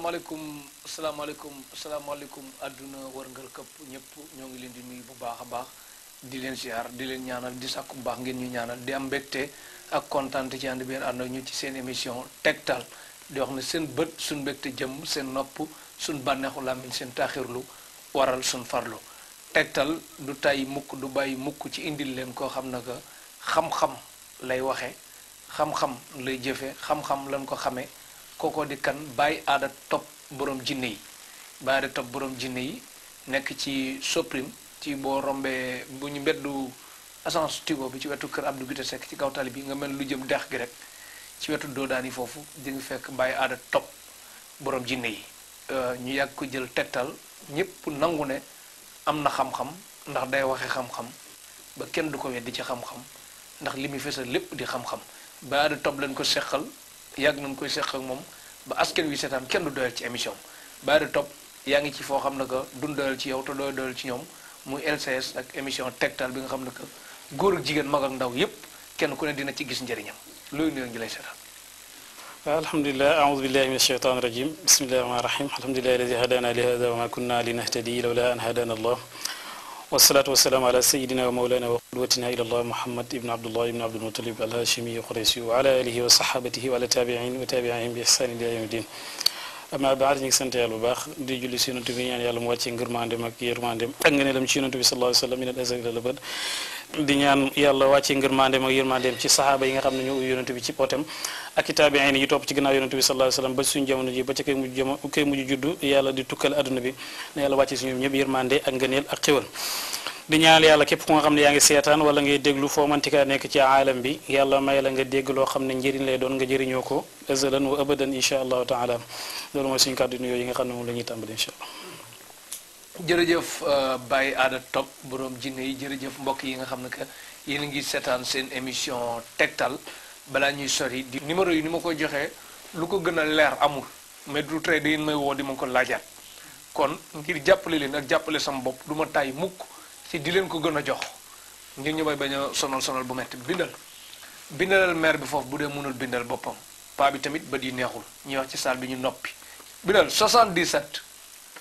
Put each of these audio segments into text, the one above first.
Assalamualaikum, assalamualaikum, aduna war warngal kep ñëpp ñoo ngi leen di nuyu bu baaxa baax di leen ziar di leen ñaanal di sakku baax ngeen ñu ñaanal di am bekté ak contente anu ci and biir ñu ci seen émission di wax ne seen suñ bekté jëm seen nopp suñ banexu seen taxirlu waral suñ farlu tegtal du tay mukk du bàyyi mukk ci indil leen ko xam na xam-xam lay waxe xam-xam lay jëfé xam-xam lañ ko xamé kookoo di kan bàyyi aada topp boroom jinne yi bàyyi aada topp borom jinne yi nekk ci Soprim ci boo rombee bu ñu mbeddu assance tigo bi ci wetu kër Abdou Guité sekk ci kaw tali bi nga mel lu jëm dex gi rek ci wetu doodaan yi foofu di nga fekk bàyyi aada topp boroom jinne yi euh, ñu yàgg ko jël tettal ñëpp nangu ne am na xam-xam ndax day waxe xam-xam ba kenn du ko weddi ci xam-xam ndax li muy fësal lépp di xam-xam bàyyi aada topp lañ ko seqal yàgg nañ koy seq ak moom ba askan wi seetaan kenn du doyal ci émission bari topp yaa ngi ci foo xam ne que duñ doyal ci yow te dooy doyal ci ñoom muy LCS ak émission tegtal bi nga xam ne que góor ak jigéen mag ak ndaw yépp kenn ku ne dina ci gis njëriñam loolu nuyoo ngi lay seetaan alhamdulilah aoudu billahi min alsheytan irajim bismillahi rahmani rahim alhamdulilahi alladi hadana li hada wa ma kunna linahtadi lawla an hadana allah والصلاة والسلام على سيدنا ومولانا وقدوتنا إلى الله محمد ابن عبد الله ابن عبد المطلب الهاشمي القريشي وعلى آله وصحابته وعلى تابعين وتابعين بإحسان إلى يوم الدين أما بعد نيك سنت يا لوباخ دي جولي سينو تبي يعني يا لو ماتي غير ما عندي ما كير ما عندي أنا لم تشينو تبي صلى الله عليه وسلم من الأزل إلى الأبد di ñaan yàlla wàcce ngërmandeem ak yërmandeem ci saxaaba yi nga xam ne ñoo uyu yonent bi ci potem ak i taabiin yi topp ci ginnaaw yonent bi sallallahu alayhi wasallam suñu jamono ji ba ca koy mujj juddu yàlla di tukkal adduna bi ne yàlla wàcce suñu ñëpp yërmande ak ngëneel ak xéwal di ñaan yàlla képp ko nga xam ne yaa ngi seetaan wala ngay déglu foo mantika nekk ci aalam bi yàlla may la nga dégg loo xam ne njëriñ lay doon nga jëriñoo ko azalan wa abadan insha allahu taala ne moom la ñuy tàmbali jërëjëf euh, Baye Ada Top boroom jinne yi jërëjëf mbokk yi nga xam ne que yéen a ngi seetaan seen émission tegtal balaa ñuy sori di numéro yi ni ma ko joxee lu ko gën a leer amul mais du tey da may woo di ma ko laajaat kon ngir jàppale leen ak jàppale sama bopp du ma tàyyi mukk si di leen ko gën a jox ngir ñu bay bañ a sonal sonal bu metti bindal bindalal meer bi foofu bu dee mënul bindal boppam paa bi tamit bët yi neexul ñuy wax ci saal bi ñu noppi bindal 77.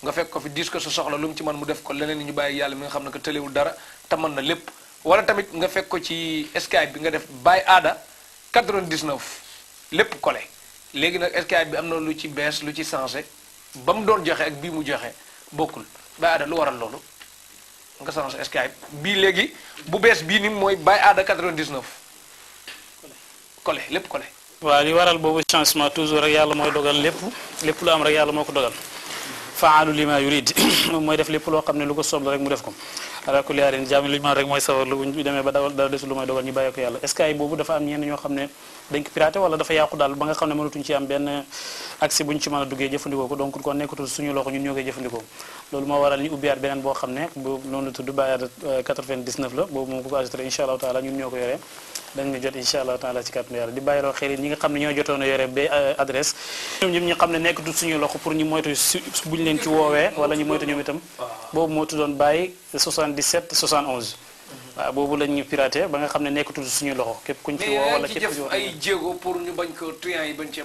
nga fekk ko fi diis ko sa soxla lu mu ci mën mu def ko leneen ñu bàyyi yàlla mi nga xam ne que tëlewul dara te mën na lépp wala tamit nga fekk ko ci Skype bi nga def bàyyi aada 99 lépp kole léegi nag Skype bi am na lu ci bees lu ci changé ba mu doon joxe bii mu joxe bokkul bàyyi lu waral loolu nga changé Skype bii léegi bu bees bii ni mooy bàyyi aada 99 collé lépp collé. waaw li waral boobu changement toujours rek yàlla mooy dogal lépp lépp lu am rek yàlla moo ko dogal. فعال لما يريد موي ديف ليپ لو خامني لوكو سوبل ريك مو ديفكم ala kulli la boobu moom ko ko ajouté incha allahu taala ñun ñoo ko yoree dañ jot incha allahu taala ci kàttanu yàlla di bàyyiloo xel ñi nga xam ne ñoo jotoon yore ba euh, adresse ñoom ñoom xam ne nekkatul suñu loxo pour ñu moytu buñ leen ci woowee wala ñu moytu ñoom itam boobu moo tuddoon bàyyi 77 71. waaw boobu lañ ñu ba nga xam ne nekkatul suñu loxo képp kuñ ci woo wala képp ci ay jéego pour ñu bañ ko client yi bañ ci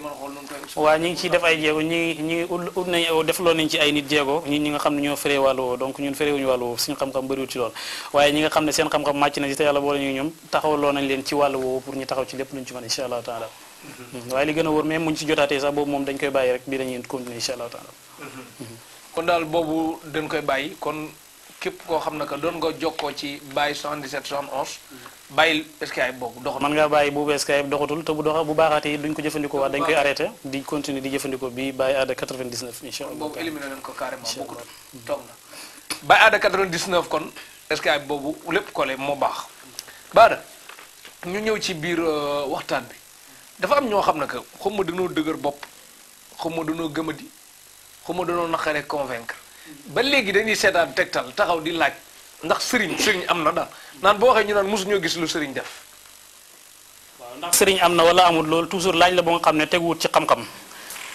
ay nit jéego ñi ñi nga xam ne ñoo féree wàllu woo donc ñun féréewuñu wàllu woowu suñu xam-xam bëriwul ci lool waaye ñi nga xam ne seen xam-xam màcc na ci te yàlla boole ñu ñoom taxawloo nañ leen ci wàllu woowu pour ñu taxaw ci lépp luñ ci mën insha allahu mhm. waaye li gën a wóor même muñ ci jotaatee sax boobu képp koo xam ne que doon nga jokkoo ci bàyyi 77 71. bàyyil Skype boobu doxatul. man ngaa bàyyi bu Skype doxatul te bu doxa bu baaxaatee it duñ ko jëfandikoo waat dañ koy arrêté di continuer di jëfandikoo bi bàyyi aada 99 incha allah. boobu éliminé nañ ko carrément bokkutul toog na bàyyi aada 99 kon Skype boobu lépp collé moo baax. baada ñu ñëw ci biir euh, waxtaan bi dafa am ñoo xam ne que xaw ma danoo dëgër bopp xaw ma danoo gëmadi xaw ma danoo naqaree convaincre. ba léegi dañuy seetaan tegtal taxaw di laaj ndax sëriñ sëriñ am na daal naan boo waxee ñu naan mosuñoo gis lu sëriñ def. waaw ndax sëriñ am na wala amul loolu toujours laaj la boo nga xam ne teguwut ci xam-xam.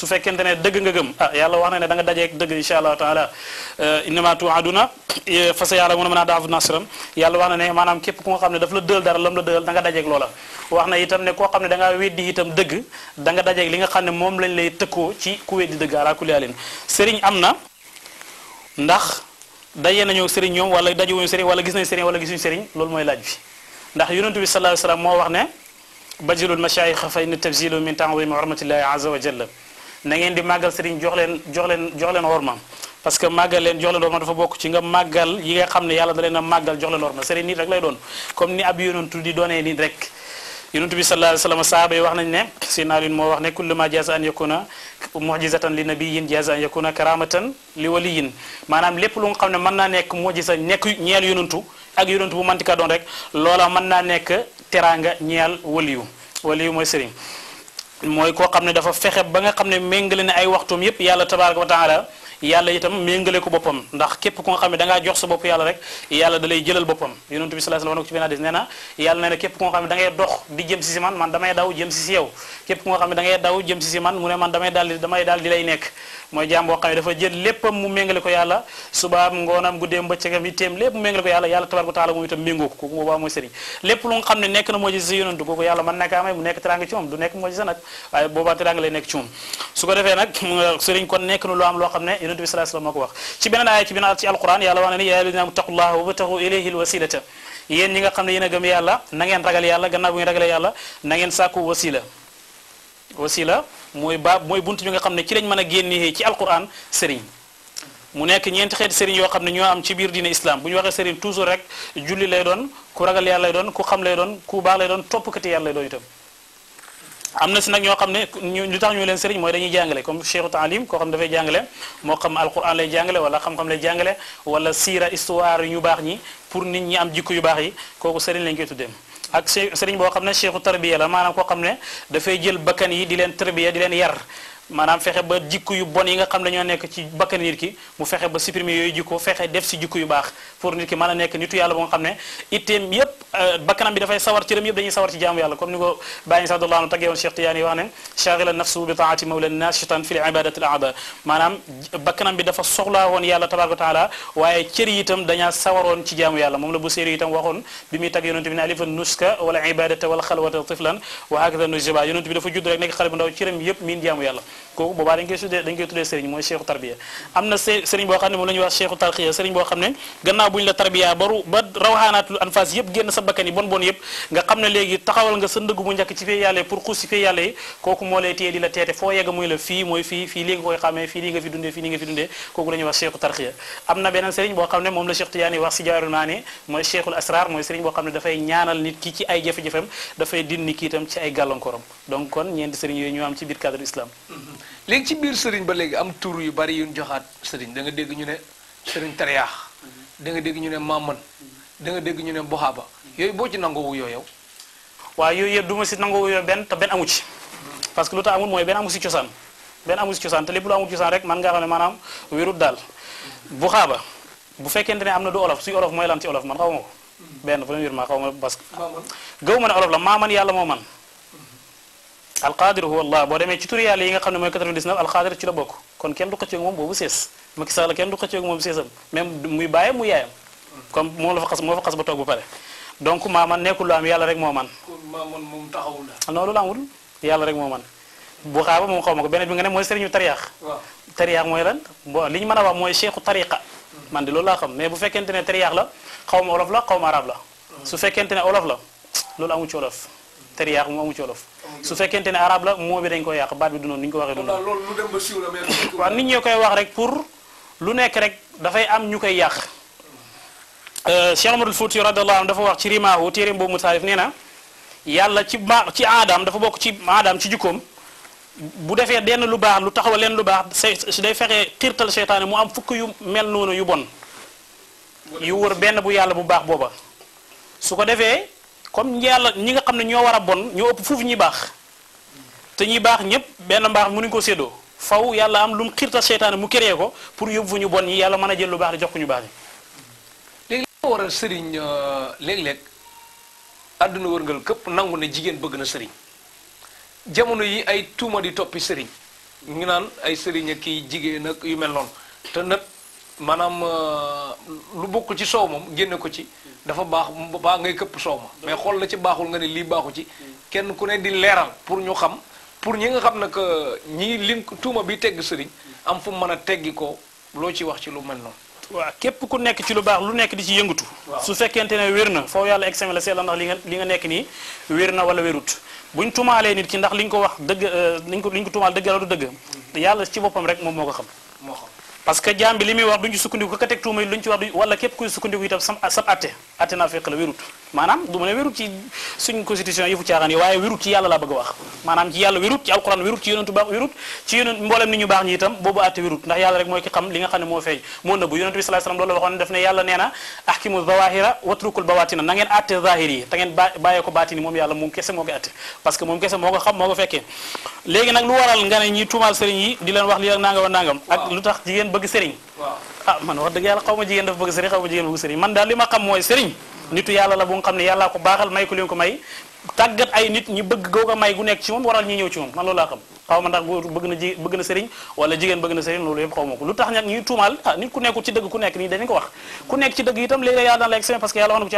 su fekkente ne dëgg nga gëm ah yàlla wax na ne da nga dajeeg dëgg insha allahu taala euh, innama tuaduna euh, fa sa yàlla mën a mën aa daafu nasran yàlla wax na ne maanaam képp ku nga xam ne daf la dël dara lam la dëgal da nga dajeeg loola wax na itam ne ko xam ne da ngaa weddi itam dëgg danga nga li nga xam ne moom lañ lay tëkkoo ci ku weddi dëgg ala kulli alin sëriñ am na ndax dajee nañoo sëriñ ñoom wala dajewuñu sëriñ wala gis nañ sëriñ wala gisuñu sëriñ loolu mooy laaj bi ndax yonent bi sallallahu alayhi wasallam moo wax ne bajilul mashaayikh fa inna tabzilu min ta'zimi hurmatillahi azza wa jalla na ngeen di màggal sëriñ jox leen jox leen jox leen horma parce que màggal leen jox leen horma dafa bokk ci nga màggal yi nga xam ne yàlla da leen a màggal jox leen horma sëriñ nit rek lay doon comme ni ab yonentu di doonee nit rek yonentu bi sallallahu alayhi wasallam sahaaba yi wax nañ ne Seydina Ali moo wax ne kullu ma jaasa an yakuna mu'jizatan li nabiyyin jaasa an yakuna karamatan li waliyin maanaam lépp lu nga xam ne mën naa nekk mu'jiza nekk ñeel yonentu ak yonentu bu mantika doon rek loola mën naa nekk teraanga ñeel waliyu waliyu mooy sëriñ mooy koo xam ne dafa fexe ba nga xam ne méngale ne ay waxtum yépp yàlla tabaraka wa taala yàlla itam méngale ko boppam ndax képp ku nga xam ne jox sa bopp yàlla rek yàlla da lay jëlal boppam yonent bi sa yonent sa nag waaye boobaa teraanga lay nekk ci su ko defee nag sëriñ kon nekk na lu am loo xam ne yonent bi sallallahu alayhi wasallam moo ko wax ci yàlla wax na a gëm yàlla na ngeen ragal yàlla gannaaw ngeen ragalee yàlla na ngeen sàkku wasila wasila mooy baab mooy bunt bi nga xam ne ci lañ mën a génnee ci alquran sëriñ mu nekk ñeenti xeeti sëriñ yoo xam ne ñoo am ci biir diine islam bu ñu waxee sëriñ toujours rek julli lay doon ku ragal yàlla lay doon ku xam lay doon ku baax lay doon toppkati yàlla lay doon itam am na si nag ñoo xam ne ñu tax ñu leen sëriñ mooy dañuy jàngale comme cheikhu taalim koo xam dafay jàngale moo xam alquran lay jàngale wala xam-xam lay jàngale wala siira histoire yu ñu baax ñi pour nit ñi am jikko yu baax yi kooku sëriñ lañ koy tuddee ak sëriñ boo xam ne cheikhu tarbiya la maanaam koo xam ne dafay jël bakkan yi di leen tarbiya di leen yar maanaam fexe ba jikko yu bon yi nga xam ne ñoo nekk ci bakkan nit ki mu fexe ba supprimer yooyu jikko fexe def si jikko yu baax pour nit ki mën a nekk nitu yàlla boo nga xam ne itteem yépp bakkanam bi dafay sawar cëram yëpp dañuy sawar ci jaamu yàlla comme ni ko bàyyi sa abdullah tagge woon Cheikh Tiyaani wax ne chaagila nafsu bi taati mawla nas shaytan fi ibadati al aada maanaam bakkanam bi dafa soxlaa woon yàlla tabaraka wa taala waaye cër yi itam dañaa sawaroon ci jaamu yàlla moom la bu séeri itam waxoon bi muy tagg yonent bi ne alifa nuska wala ibadata wala xalwata tiflan wa hakada nujaba yonent bi dafa judd rek nekk xale bu ndaw cëram yëpp miin jaamu yàlla kooku boobaa dañ koy tuddee dañ koy tuddee sëriñ mooy cheikhu tarbiya am na sëriñ boo xam ne moom la ñuy wax cheikhu tarxiya sëriñ boo xam ne gannaaw bu ñu la tarbiya baru ba rawaanatul anfas yëpp génn sa bakkan yi bon bon yëpp nga xam ne léegi taxawal nga sa ndëgg bu njëkk ci fee yàlla pour xuus ci fee yàlla yi kooku moo lay téye di la teete foo yegg muy la fii mooy fii fii lii nga koy xamee fii lii nga fi dundee fii lii nga fi dundee kooku la ñuy wax cheikhu tarxiya am na beneen sëriñ boo xam ne moom la cheikh tiyaani wax si jaarul maane mooy cheikhul asrar mooy sëriñ boo xam ne dafay ñaanal nit ki ci ay jafe-jafem dafay dindi kii itam ci ay yooyu boo ci nangoo wuyoo yow. waaw yooyu yëpp du ma si nangoo wuyoo benn te benn amu ci. parce que lu tax amul mooy benn amu si cosaan benn amu si cosaan te lépp lu amul cosaan rek man nga xam ne maanaam wérut bu xaaba bu fekkente ne am na du olof suy olof mooy xaw ma ko. benn premièrement xaw ma parce ma ne la maa man yàlla moo man. alqaadir huwa allah yi nga ne mooy 99 alqaadir ci la bokk kon kenn du xëccoo ak moom boobu sees Macky Sall kenn fa xas ba toog ba pare. donc maa man nekkul lu am yàlla rek moo man. kon maa man moom taxawul la. non yàlla rek moo man bu xaaba moom xaw ma ko beneen bi nga ne mooy ñu tariyaax. waaw tariyaax mooy lan bon li ñu mën a wax mooy cheikhu tariqa. Hmm. man di loolu laa xam mais bu fekkente ne tariyaax la xaw ma olof la xaw ma arab la. Hmm. su fekkente ne olof la loolu amu ci olof. Hmm. tariyaax moom amu ci olof. su fekkente ne arab la moo bi dañ koy yàq baat bi du noonu ni ñu ko waxee. du noonu loolu lu dem ba koy wax rek pour lu nekk rek dafay am ñu koy yàq. Euh, Cheikh Omarul Fouti radiyallahu dafa wax ci rimaahu téere boobu mu taarif nee na yàlla ci ma ci aadaam dafa bokk ci aadaam ci jikkoom bu defee denn lu baax lu taxawal leen lu baax day fexe xiirtal seytaane mu am fukk yu mel noonu yu bon yu wër benn bu yàlla bu baax booba su ko defee comme yàlla ñi nga xam ne ñoo war a bon ñoo ëpp fuuf ñi baax te ñi baax ñëpp benn mbaax mënuñ ko séddoo faw yàlla am lu mu xiirtal seytaane mu kéré ko pour yóbbu ñu bon ñi yàlla mën a jël lu ñu baax yi léegi la war a sëriñ euh, léeg-léeg àdduna wërngal këpp nangu ne jigéen bëgg na sëriñ jamono yi ay tuuma di toppi sëriñ ngi naan ay sëriñ ak kii jigéen ak yu mel noonu te nag maanaam euh, lu bokk ci soow moom génne ko ci dafa baax baax ngay këpp soow ma mais xool la ci baaxul nga ne lii baaxu ci kenn ku ne di leeral pour ñu xam pour ñi nga xam ne que ñi lin tuuma bi tegg sëriñ am fu mu mën a teggi ko loo ci wax ci lu mel noonu waaw képp ku nekk ci lu baax lu nekk di ci yëngatu su fekkente ne wér na foofu yàlla examen la seetla ndax li nga li nga nekk nii wér na wala wérut buñ tumaalee nit ki ndax li ñu ko wax dëgg euh, li ñu ko li ñu ko tumaal dëgg la dëgg mm-hmm. yàlla ci boppam rek moom moo ko xam parce que jambi limi wax duñu ci sukkandiku ka teg tuuma luñ ci wax wala kep kuy sukkandiku itam sam sam até até na fekk la wirut manam du ma ne wérut ci suñ constitution yëfu caaxaan yi waaye wérut ci yalla la bëgg wax manam ci yalla wirut ci alcorane wirut ci yonentu baax wirut ci yonent mbolam nit ñu baax ñi itam bobu até wirut ndax yalla rek moy ki xam li nga xamne mo moo mo moo nëbbu yonentu bi sallallahu alayhi wasallam do la waxoon def ne yalla neena ahkimu zawahira watrukul bawatin na ngeen até zahiri ta ngeen baye ko baatini moom yàlla moom kesse mo ngi até parce que mom kesse mo nga xam mo nga fekke léegi nak lu waral nga ne ñi tuumaal sëriñ yi di leen wax li nangam nangam ak lutax tax jigéen bëgg sëriñ ah man wax dëgg yàlla xaw jigéen dafa bëgg sëriñ xaw jigéen bëgg sëriñ man daal li ma xam mooy sëriñ nitu yàlla la bu xam ne yàllaa ko baaxal nag ah, ci yàlla ko ci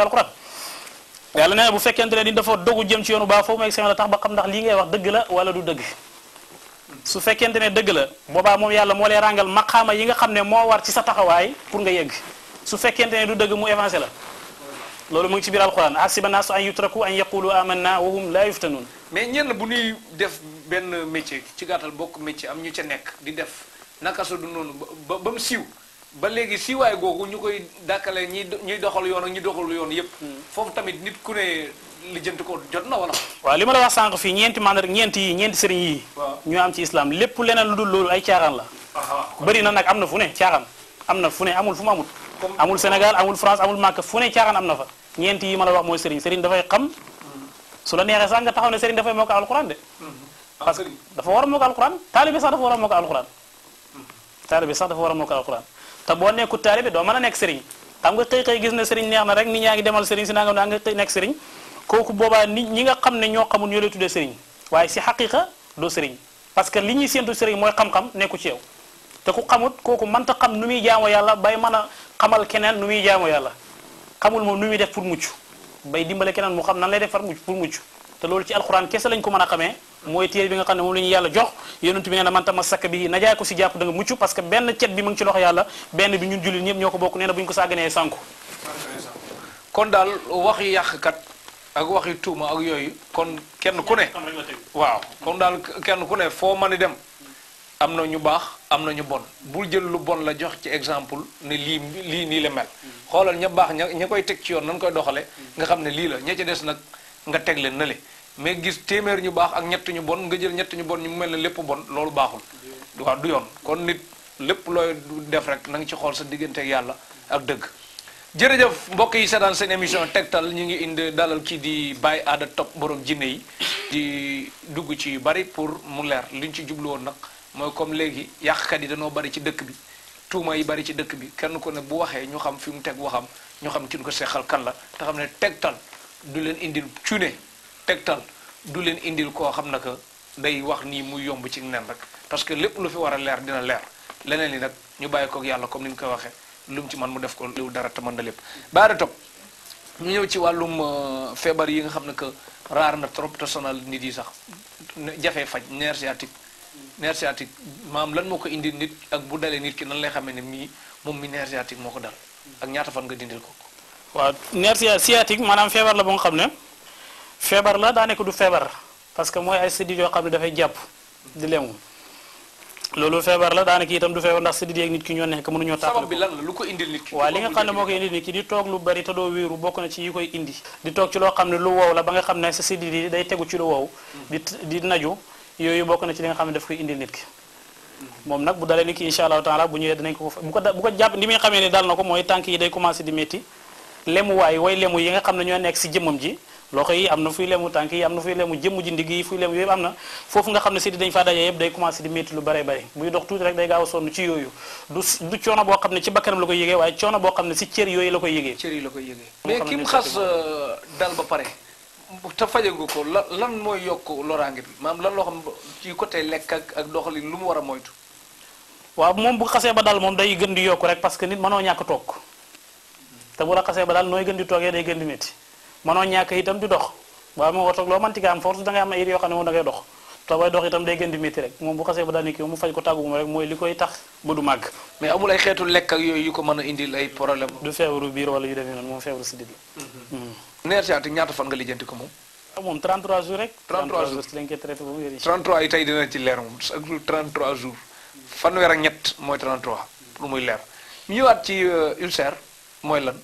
yàlla nee bu fekkente ne ni dafa dogu jëm ci yoonu baa foofu mu examen la tax ba xam ndax lii ngay wax dëgg la wala du dëgg su fekkente ne dëgg la boobaa moom yàlla moo lay ràngal maqaama yi nga xam ne moo war ci sa taxawaay pour nga yegg su fekkent ne du dëgg mu évancé la loolu mu ngi ci biir alxuraan asiba naasu an yutraku an yaqulu amanna wa hum laa yuftanuun mais ñenn bu ñuy def benn métier ci gàttal bokk métier am ñu ca nekk di def naka su du noonu ba ba mu siiw ba léegi siiwaay googu ñu koy dàkkale ñi ñuy doxal yoon ak ñu doxalu yoon yépp hmm. foofu tamit nit ku ne lijjanti ko jot na wala. waaw li ma la wax sànq fii ñeenti maanaam ñeenti yi ñeenti sëriñ yi. ñu am ci islam lépp leneen lu dul loolu ay caaxaan la. bëri na nag am na fu ne caaxaan am na fu ne amul fu mu amut. amul Sénégal amul France amul Màkka fu ne caaxaan am na fa ñeenti yi ma la wax mooy sëriñ sëriñ dafay xam. Hmm. su la neexee sax nga taxaw ne sëriñ dafay mokkal alxuraan de. dafa war a mokkal alxuraan sax dafa war a mokkal alxuraan. taalibe sax dafa war a mokkal alxuraan hmm. a nekk sëriñ xam kooku boobaa nit ñi nga xam ne ñoo xamul ñoo lay tuddee sëriñ waaye si xaqiqa doo sëriñ parce que li ñuy séentu sëriñ mooy xam-xam nekku ci yow te ku xamut kooku mënta xam nu muy jaamoo yàlla bay man a xamal keneen nu muy jaamoo yàlla xamul moom nu muy def pour mucc bay dimbale keneen mu xam nan lay def far pour mucc te loolu ci alxuraan a xamee mooy téere bi xam ne moom la yàlla jox yonentu bi nee na man tamassaka bi najaay ko si jàpp da nga mucc parce que benn cet bi mu ngi ci loxo yàlla benn bi ñun jullit ñëpp ñoo ko bokk nee na bu ñu ko sàgganee sànku kon daal waxi yàqkat ak waxi tuuma ak yooyu kon kenn ku ne waaw kon daal kenn ku ne foo mën a dem am na ñu baax am na ñu bon bul jël lu bon la jox ci exemple ne lii lii nii la mel mm. xoolal ña baax ña ña koy teg ci yoon nan koy doxale nga xam ne lii la ña ci des nag nga teg leen na le mais gis téeméer ñu baax ak ñett ñu bon nga jël ñett ñu bon ñu mel na lépp bon loolu baaxul mm. waaw du yoon kon nit lépp looy def rek na nga ci xool sa diggante yàlla ak dëgg jërëjëf mbokk yi dan seen émission tegtal ñu ngi indi dalal ki di bay Ada Top borom jinne yi di dugg ci yu bari pour mu leer liñ ci jublu woon nag mooy comme léegi yàqkat yi dañoo bari ci dëkk bi tuuma yi bari ci dëkk bi kenn ko ne bu waxee ñu xam fi mu teg waxam ñu xam ci ko seexal kan la te xam ne tegtal du leen indil cune tegtal du leen indil koo xam ne que day wax nii muy yomb ci nen rek parce que lépp lu fi war a leer dina leer leneen li nag ñu bàyyi koog yàlla comme ni ñu koy lu mu ci man mu def ko liw dara te mën na lépp baara topp ñu ñëw ci wàllum euh, feebar yi nga xam ne que raar na trop te sonal nit yi sax jafe faj nerf sciatique nerf sciatique maam lan moo ko indi nit ak bu dalee nit ki nan lay xamee ne mii moom mi nerf sciatique moo ko dal ak ñaata fan nga dindil ko waaw nerf sciatique maanaam feebar la ba nga xam ne feebar la daa nekk du feebar parce que mooy ay sidit yoo xam ne dafay jàpp di lemu loolu feebar la daanaka itam du feebar ndax sidit yeeg nit ki ñoo nekk mënuñoo tàqal sabab bi lan la lu ko indil nit ki waaw li nga xam ne moo koy indil nit ki di toog lu bari te doo wéeru bokk di toog ci loo xam ne lu wow la ba nga xam ne sa sidit yi day tegu ci lu wow hmm. yooyu bokk na ci li nga xam ne daf koy indil nit ki hmm. moom nag bu dalee nit ki insha allahu taala bu ñëwee dinañ ko bu ko bu ko jàpp ni muy xamee ne dal na ko mooy tànk yi day commencé di métti lemuwaay way lemu yi nga xam ne ñoo nekk si jëmmam ji loxo yi am na fuy lemu tànk yi am na fuy lemu jëmm ji ndigg yi fuy lemu yëpp am na foofu nga xam ne si dañ faa daje yëpp day commencé di métti lu bare bare buy dox tuuti rek day gaaw sonn ci yooyu du du coono boo xam ne ci bakkanam la koy yëgee waaye coono boo xam ne si cër yooyu la koy yëgee cër yi la koy yëgee mais ki mu xas euh, dal ba pare te fajagu ko la lan mooy yokk loraange bi maanaam lan loo xam ci côté lekk ak ak doxalin lu mu war a moytu waaw moom bu xasee ba dal moom day gën di yokku rek parce que nit mënoo ñàkk toog te la xasee ba dal nooy gën di toogee day gën di métti mënoo ñàkk itam di dox waaye moom oto loo mënti nga am force da ngay am ay yoo xam ne moom da ngay dox te booy dox itam day gën di métti rek moom bu xasee ba daani ko tàggu rek mooy li koy tax ba du màgg mais amul ay xeetu lekk ak yooyu yu a indil ay problème du feebaru biir wala yu demee noonu moom feebaru sidit la neer ci at moom ah, moom 33 jours rek 33 jours ci lañ ñett mooy 33 pour muy leer ñu ñëwaat ci euh, ulcère mooy lan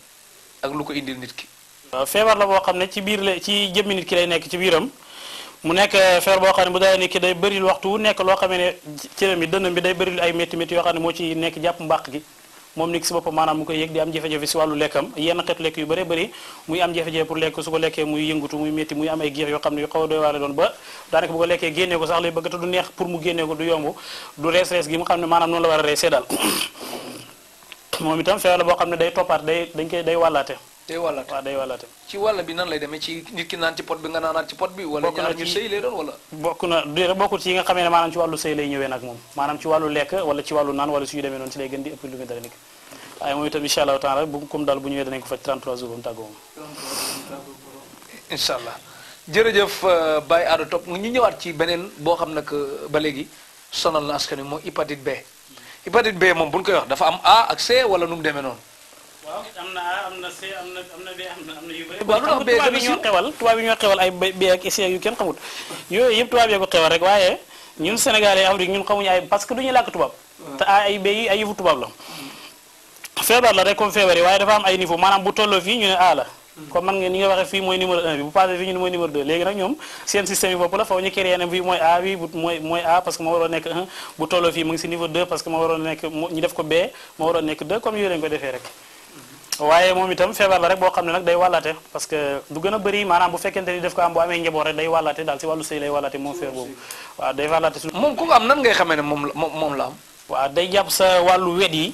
ak lu ko indil nit ki Euh, feebar la boo xam ne ci biir la ci jëmmi nit ki lay nekk ci biiram mu nekk euh, feebar boo xam ne bu dalee nit ki day bëril waxtu wu nekk loo xamee ne cëram yi dënnam bi day bëril ay métti yoo xam ne moo ci nekk jàpp mbàq gi moom nit ki si maanaam mu koy yëg am jafe-jafe si wàllu lekkam yenn xeetu lekk yu bëree bëri muy am jafe-jafe lekk su ko lekkee muy yëngutu muy métti muy am ay géex yoo xam ne yu xaw a doy waale doon ba daanaka bu ko lekkee génnee ko sax lay bëgg xam ne maanaam noonu la a reesee daal moom itam feebar la boo xam ne day toppaat day dañ koy day wàllaate day wàllaate ah, waaw day wàllaate ci wàlla bi nan lay demee ci nit ki naan ci pot bi nga naanaat ci pot bi wala ñaar ñu sëy lay doon wala na déedéet bokkul ci yi nga xamee ne maanaam ci wàllu sëy lay ñëwee nag moom maanaam ci wàllu lekk wala ci wàllu naan wala suñu demee noonu ci lay gën di ëpp lu muy dara nit waaye ko faj ba mu tàggoo moom incha allah jërëjëf euh, Baye Ada Top ñu ñëwaat ci beneen boo xam nag ba léegi sonal na askan wi mooy hépatite B hépatite B moom bu ñu koy wax dafa am A ak C wala nu mu demee noonu waaw am na A B am na am na yu bëri. waaw tubaab yi ñoo xewal tubaab yi ñoo xewal ay B ak C yu kenn xamut yooyu yëpp tubaab yee ko xewal rek waaye ñun Sénégalais Afrique ñun xamuñu ay parce que du ñu làkk tubaab. te ay B yi ay yëfu tubaab la. feebar la rek comme feebar yi hmm. mooy numéro 1 léegi nag ñoom seen système yi bopp la faw ñu créé ne fii mooy A parce que ma waroon nekk bu tolloo fii mu si niveau 2 parce que ma waroon nekk ñu def ko B ma waroon nekk waaye moom itam feebar la rek boo xam ne nag day wàllaate parce que lu gën a bëri maanaam bu fekkente ni def ko am bu amee njaboot rek day wàllaate daal si wàllu sëy lay wàllaate moom feebar waaw day wàllaate ko am nan ngay xamee ne moom moom la am day jàpp sa wàllu wet yi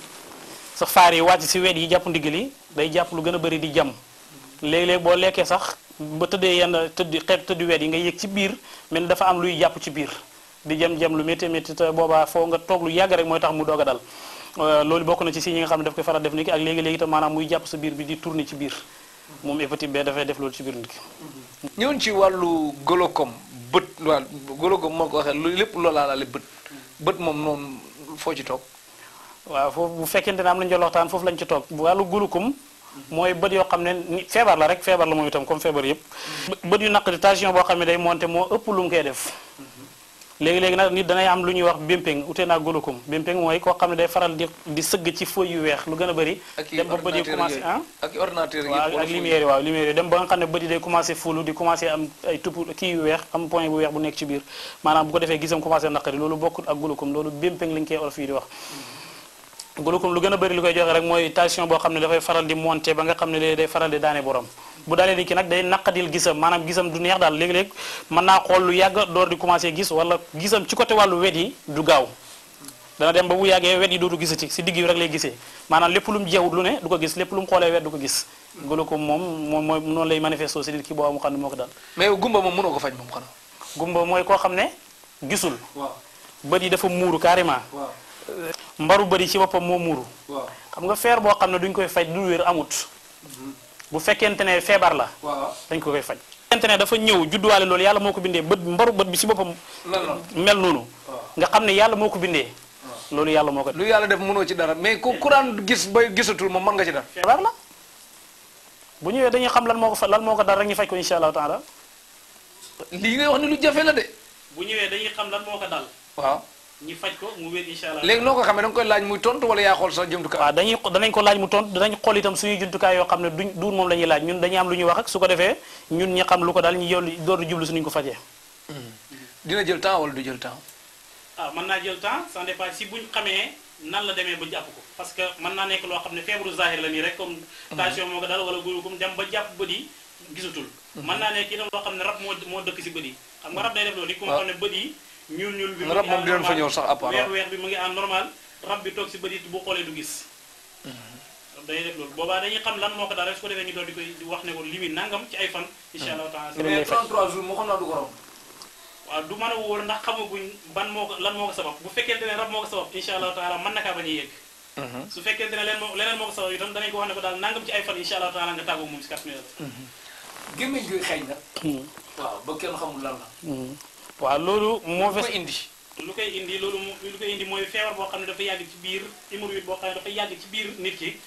sa faar yi wàcc si wet yi jàpp ndigal yi day jàpp lu gën a bëri di jam léeg-léeg boo lekkee sax ba tëddee yenn tëdd xeet tëddi wet yi nga yëg ci biir mel ni dafa am luy jàpp ci biir di jam jam lu métti métti te boobaa foo nga toog lu yàgg rek mooy tax mu doog a dal Euh, loolu bokk na ci si ñi nga xam ne daf koy faral def nit ki ak léegi-léegi itam maanaam muy jàpp sa biir bi di tourner ci biir moom hépatite B dafay def loolu ci biir nit ki ci wàllu glaucome bët waaw moo ko waxee lu lépp loolaa laale bët bët moom moom foo ci toog waaw foofu bu fekkente ne am nañu waxtaan foofu lañ ci toog wàllu glaucome mooy yoo xam ne ni feebar la rek feebar moom itam comme feebar yëpp bët yu naqari boo xam ne day monter moo ëpp lu mu koy def léegi-léegi nag nit dana am lu ñuy wax bimping ute naa golokum bimping mooy koo xam ne day faral di sëgg ci feuille yu weex lu gën a bëri dem ba ah? ak ordinateur waaw ak lumière yi nga xam ne bët day commencé fuulu di commencé am ay tupp kii yu weex am point bu weex bu nekk ci biir maanaam bu ko defee gisam commencé naqari loolu bokkut ak golokum loolu bimping lañ koy olof yi di wax golokum lu gën a bëri lu koy joxe rek mooy tension boo xam ne dafay faral di monter ba nga xam ne léegi day faral di daane borom bu dalé ni ki nag day nakadil gisam manam gisam du neex dal leg leg man na xol lu yag door di commencer gis wala gisam ci côté walu wedi du gaaw dana dem ba bu yagé wedi yi dootu gisati ci digg yi rek lay gisé manam lepp lu mu jeexut lu ne du ko gis lepp lu mu xoolee wet du ko gis gëlu ko mom moom lay manifesto ci nit ki bo am xam moko dal mais gumba mom mënoo ko faj moom gumba moy ko xamné gisul waaw beuri dafa muru carrément mbaru beuri ci mo muru waaw xam nga fer bo xamné duñ koy fay du wër amut mhm. bu fekkente ne feebar la. dañ ko koy faj. bu fekkente ne dafa ñëw judduwaale loolu yàlla moo ko bindee bët mbaru bët bi si boppam. mel noonu. nga xam ne yàlla moo ko bindee. loolu yàlla moo ko lu yàlla def mënoo ci dara mais ku kuraan gis ba gisatul moom man nga ci dara. feebar la bu ñëwee dañuy xam lan moo ko fa lan moo ko dara rek ñu faj ko incha allahu taala. lii ngay wax ni lu jafe la de. bu ñëwee dañuy xam lan moo ko dal. waaw ñi faj ko mu wér incha allah. léegi noo ko xamee da nga koy laaj muy tontu wala yaa xool sa jumtukaay. waaw dañuy danañ ko laaj mu tontu danañ xool itam suñuy yoo xam ne duñ duun moom la ñuy laaj ñun dañuy su ko defee ñun ñi xam lu ko daal ñu yow door fajee. Mm-hmm. dina jël temps wala du jël temps. ah mën naa jël temps sans si buñ xamee nan la demee ba jàpp ko parce que mën naa nekk loo xam ne feebaru zahir la nii rek comme. Mm-hmm. tension moo ko daal wala gulukum dem ba jàpp bët yi gisatul. Mm-hmm. mën naa nekk itam loo xam ne rab moo moo dëkk si bët yi xam nga ñuul ñuul bi rab moom dinañ fa ñëw sax à part weex weex bi mu ngi am normal rab bi toog si bët yi bu xoolee du gis mm-hmm. day def loolu boobaa dañuy xam lan moo ko daal rek su ko defee ñu doon di koy wax ne ko moo xam du ko a wóor ndax xamaguñ ban moo ko bu fekkente ne rab moo ko sabab insha allahu taala mën na kaa bañ a yegg mm-hmm. su fekkente ne leen moo moo ko sabab itam danañ ko wax ne ko daal nangam ci ay fan insha allahu taala nga tàggoo moom si kat mi mm-hmm. gémmiñ xeeñ na waaw ba kenn xamul lan la waaw loolu moo fa indi. lu koy indi loolu lu koy indi mooy boo xam ne dafa yàgg ci biir hémorroïde boo xam yàgg ci biir nit ki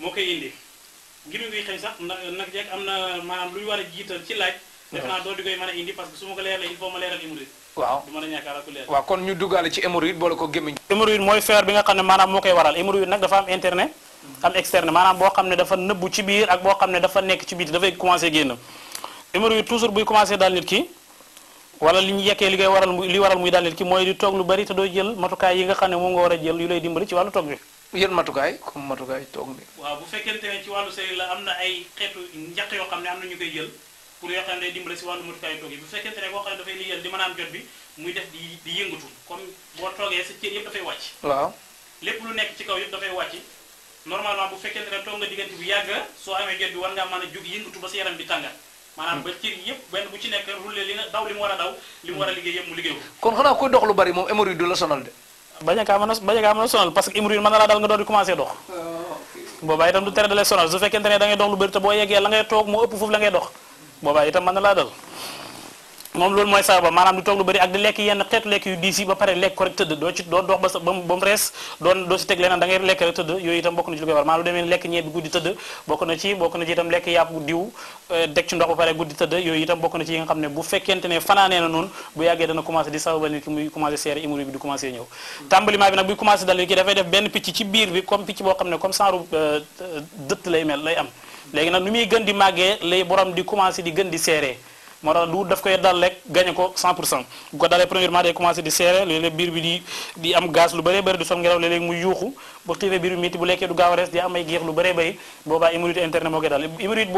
moo koy sax na am na maanaam luy war a jiital ci laaj. def naa doo di kon ñu duggaale ci hémorroïde boole ko gémmiñ. hémorroïde mooy feebar bi nga xam ne maanaam moo koy waral hémorroïde nag dafa am interne. Hmm. am externe maanaam boo xam ne dafa nëbbu ci biir ak boo xam ne dafa nekk ci biir dafay commencé génn hémorroïde toujours buy commencé daal nit ki wala li ñu yekkee li koy waral mu li waral muy daaneel ki mooy di toog lu bari te doo jël matukaay yi nga xam ne moom nga war a jël yu lay dimbali ci wàllu toog bi yéen matukaay comme matukaay toog bi waaw bu fekkente ne ci wàllu yoo xam ne am na ñu koy jël pour yoo xam ne day dimbali si wàllu matukaay bu fekkente ne koo xam ne dafay liggéeyal di mën a am jot bi muy def di di yëngatu boo toogee sa cër yëpp dafay wàcc waaw lépp lu nekk ci kaw yëpp dafay wàcc normalement bu fekkente ne toog nga diggante bu yàgg soo amee jot bi war ngaa mën a jóg yëngatu ba sa yaram bi tànga maanaam ba cër yëpp benn bu ci nekk rulle li nga daw li mu war a daw li mu war a liggéey yëpp mu liggéey ko kon xanaa kuy dox lu bari moom hémorroïde du la sonal de bañ a kaa mën a bañ a parce que hémorroïde mën na laa dal nga door di commencé dox ah, boobaa itam du tere da lay su fekkente ne da dox lu bari te boo yeggee la ngay toog moo ëpp foofu la ngay dox boobaa itam mën na laa dal moom loolu mooy sababa maanaam di toog lu bëri ak di lekk yenn xeetu lekk yu diis yi ba pare lekk ko rek tëdd doo ci doo dox ba ba mu rees doo si teg leneen da lekk rek tëdd yooyu itam bokk na ci na ci yi nga xam ne bu fekkente ne fanaanee na noonu bu yàggee dana commencé di sababa nit ki muy commencé seere hémorroïde bi di commencé ñëw tàmbaliment bi nag buy commencé dal nit ki dafay def benn picc ci biir bi comme picc boo xam ne comme genre eh, dëtt lay am léegi nag nu muy gën di màggee lay borom di commencé di gën di moo tax du daf koy dal rek gagné ko 100 pour cent bu ko dalee premièrement day commencé di bi di di am gaz lu bëree bëri du son ngelaw léeg-léeg mu yuuxu bu xiifee biir bi métti bu lekkee du gaaw a rees di am géex lu bëree bëri boobaa hémorroïde interne moo koy dal hémorroïde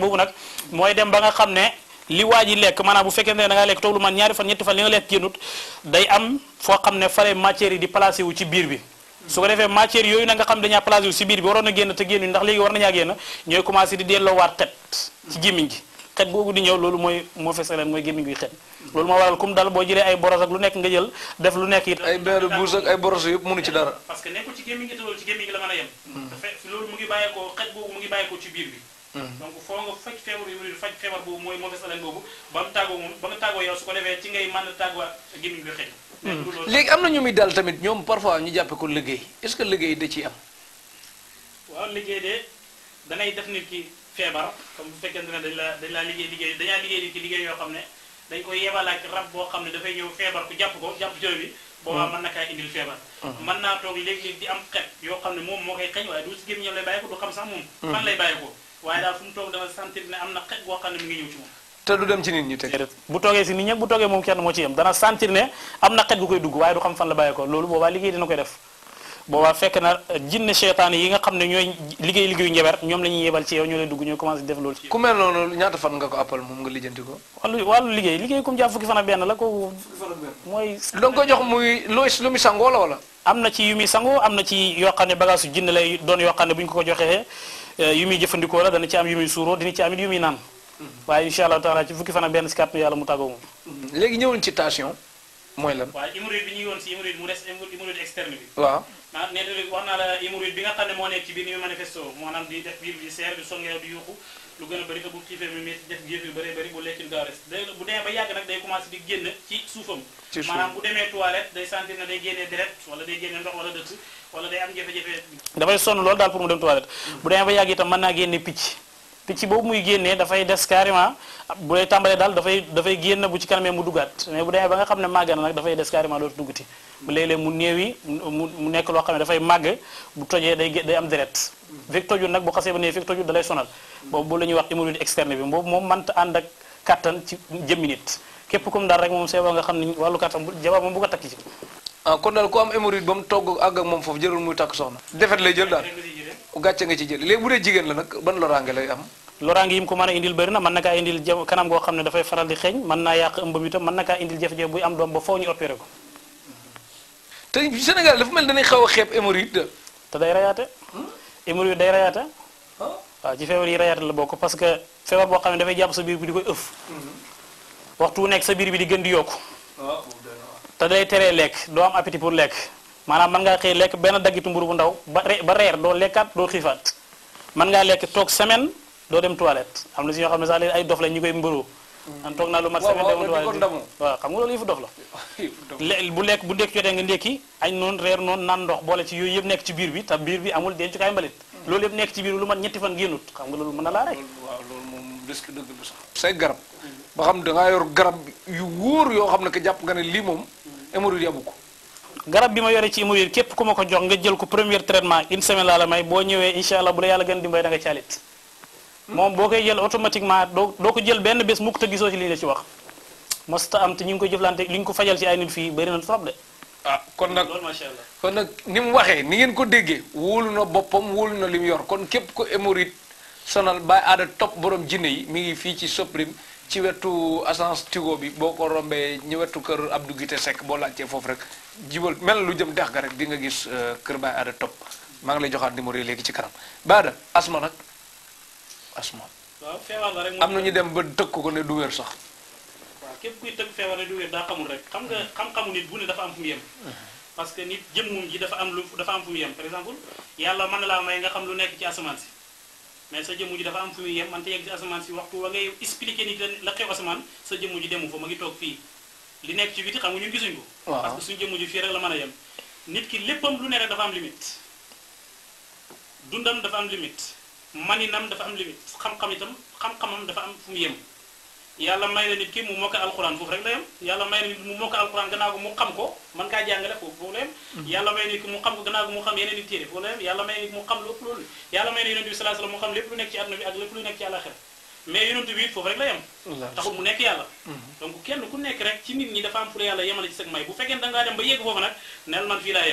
boobu nag mooy dem ba nga xam ne li waa ji lekk maanaam bu fekkente ne da ngaa lekk toog lu man ñaari fan ñetti fan li nga lekk génnut day am foo xam ne fale matière yi di placé wu ci biir bi su ko defee matière yooyu na nga xam dañaa placé wu si biir bi waroon a génn te ndax léegi war nañaa génn ñooy commencé di delloowaat xet ci gi xet googu di ñëw loolu mooy moo fees leen mooy gémmiñ guy xet loolu moo waral kum dal boo jëlee ay boros ak lu nekk nga jël def lu nekk it ay beeru ak ay boros yëpp mënu ci dara parce que nekkul ci gémmiñ gi te loolu ci gémmiñ la a yem hmm. loolu mu ngi bàyyeekoo xet googu mu ngi bàyyeekoo hmm. nga faj feebar bi ko defee ci ngay mën a tàggoo hmm. tamit ñoom parfois ñu jàppe ko liggéey est-ce que liggéey da ciy am waaw liggéey de danay def nit ki feebar comme bu fekkente ne dañ la dañ laa liggéey liggéey dañaa liggéey ci liggéey yoo xam ne dañ koy yebal rab boo xam ne dafay ñëw feebar ku jàpp ko jàpp jooy bi boobaa mm. mën na kaa indil feebar mm. mën naa toog léeg-léeg di am xet yoo xam ne moom moo koy xeñ waaye du si gém ñoom lay bàyyi ko du xam sax moom mm. fan lay bàyyi ko waaye daal fu toog dama sentir ne am na xet gu koy dugg waaye du xam fan la bàyyi ko loolu boobaa liggéey dina koy def boba fekk na jinn seytaane yi nga xamne ñoy ñooy liggéey liggéeyu ñom lañuy yebal ci yow ñoo lay dugg ñoo commencé def lool ci ku mel non ñaata fan nga ko appal moom nga lijeenti ko walu walu liggéey liggéey kum jàpp fukki fana ben la ko moy da nga ko jox muy lois lu mi sango wala wala amna ci yumi sango amna ci yo xam bagage jinn lay doon yo xam buñ ko ko joxe eh, yumi jëfëndiko la dana ci am yumi suuro dina ci am yumi nan muy mhm. inshallah taala ci fukki fana ben ci carte yalla mu tago moom mhm. legi ñewul ci tension moy lan waaw hémorroïde bi ñuy yoon ci hémorroïde mu dess hémorroïde externe bi waaw ah nettali wax naa la imurit bi nga xam ne moo nekk ci biir ñu manifesto maanaam di def biir di seer di songeew di yuuxu lu gën a bëri te ci suufam maanaam bu demee toilette day sentir na day génnee deret wala day génnee ndox wala dëtt wala day am jafe-jafe dafay sonn loolu daal pour mu dem toilette mm. bu demee ba yàgg itam mën naa génne picc picc boobu muy génnee dafay des carrément bu lay tàmbalee daal dafay dafay génn bu ci kanamee mu dugaat mais xam ne màgg na nag dafay des carrément dootu duggati léeg-léeg mu néewi mu nekk loo xam ne dafay màgg bu tojee day day am deret fekk tojul nag bu xasee ba nee fekk tojul dalay sonal boobu la wax hémorroïde externe bi boobu moom mënta ànd ak kattan ci jëmmi nit képp comme daal rek moom seeboo nga xam ne wàllu kattan jabar moom bu ko takki ci ah kon ba mu togg ak moom foofu jërul muy takk soxna defet lay jël daal gàcce nga ci jël léegi bu dee jigéen la nag ban loraange lay am loraange yi ko mën a indil bëri na mën na kaa indil kanam goo xam ne dafay faral di xeeñ mën naa yàq ëmbam itam mën na kaa indil jafe-jafe buy am doom ba foo ñu opéré ko te Sénégal dafa mel ne dañuy xaw a xeeb hémorroïde. te day rayaate. Hmm? hémorroïde day rayaate. waaw ci feebar yi rayaate la bokk parce que feebar boo xam ne dafay jàpp sa biir bi di koy ëf. Hmm. waxtu wu nekk sa biir bi di gën di yokku. Oh, te day teree lekk doo am appétit pour lekk maanaam mën ngaa xëy lekk benn daggitu mburu bu ndaw ba re ba reer doo lekkaat doo xiifaat mën ngaa lekk toog semaine doo dem toilette am na si ñoo xam ne sax léegi ay dof la ñu koy mburu an toog naa lu mat semaine demul waaye waaw xam nga loolu yëfu dof la bu lekk bu ndékk jotee nga ndékki añ noonu reer noonu naan ndox boole ci yooyu yëpp nekk ci biir bi te biir bi amul dencukaay mbalit hmm. loolu yëpp nekk ci biir lu mat ñetti fan génnut xam nga loolu mën na laa rey waaw loolu moom risque dëgg bu sax say garab ba xam dangaa yor garab yu wóor yoo xam ne que jàpp nga ne lii moom hémorroïde yabu garab bi ma ci hémorroïde képp ku ko jox nga jël ko premier traitement une semaine laa la may boo ñëwee incha allah bu la yàlla gën dimbay da nga caalit moom boo koy jël automatiquement doo doo ko jël benn bés mukk te gisoo ci li ñu la ci wax mosta am te ñu ngi koy jëflante li ñu ko fajal ci ay nit fii bëri na trop ah kon nag kon nag ni mu waxee ni ngeen ko déggee wóolu na boppam wóolu na li mu yor kon képp ko émorit sonal bàyyi aada topp boroom jinne yi mi ngi fii ci Soprim ci wetu agence Tigo bi boo ko rombee ñu wetu kër Abdou Guité Seck boo laajtee foofu rek jibal mel lu jëm dex ga rek di nga gis euh, kër bàyyi aada topp maa ngi lay joxaat numéro yi léegi ci kanam baada asma nag asma am na ñu dem ba tëkk ko ne du wér sax waaw képp kuy tëkk feebar ne du wér daa xamul rek xam nga xam-xamu nit bu ne dafa am fu mu yem parce que nit jëmmum ji dafa am lu dafa am fu mu yem par exemple yàlla mën na laa may nga xam lu nekk ci asamaan si mais sa jëmm ji dafa am fu muy yem man te yegg si asamaan si waxtu wa ngay expliqué ni la xew asamaan sa jëmm ji demu fa ma ngi toog fii li nekk ci biti xam nga ñun gisuñ ko parce que suñu jëmm ji fii rek la mën a yem nit ki léppam lu ne rek dafa am limite dundam dafa am limite mani nam dafa am limit xam-xam itam xam-xamam dafa am fu mu yem yàlla may la nit ki mu mokk alquran foofu rek la yem yàlla may la nit mu mokk alquran gannaaw ko mu xam ko man kaa jàngale ko foofu la yem yàlla may nit ki mu xam ko gannaaw ko mu xam yeneen nit téere foofu la yem yàlla may nit mu xam lu ëpp loolu yàlla may nit yonent bi sallallahu alayhi wasallam mu xam lépp lu nekk ci àdduna bi ak lépp lu nekk ci àllaxira mais yonent bi foofu rek la yem taxul mu nekk yàlla donc kenn ku nekk rek ci nit ñi dafa am fu la yàlla yemale ci sag may bu fekkee da ngaa dem man uh-huh. ah, fii laa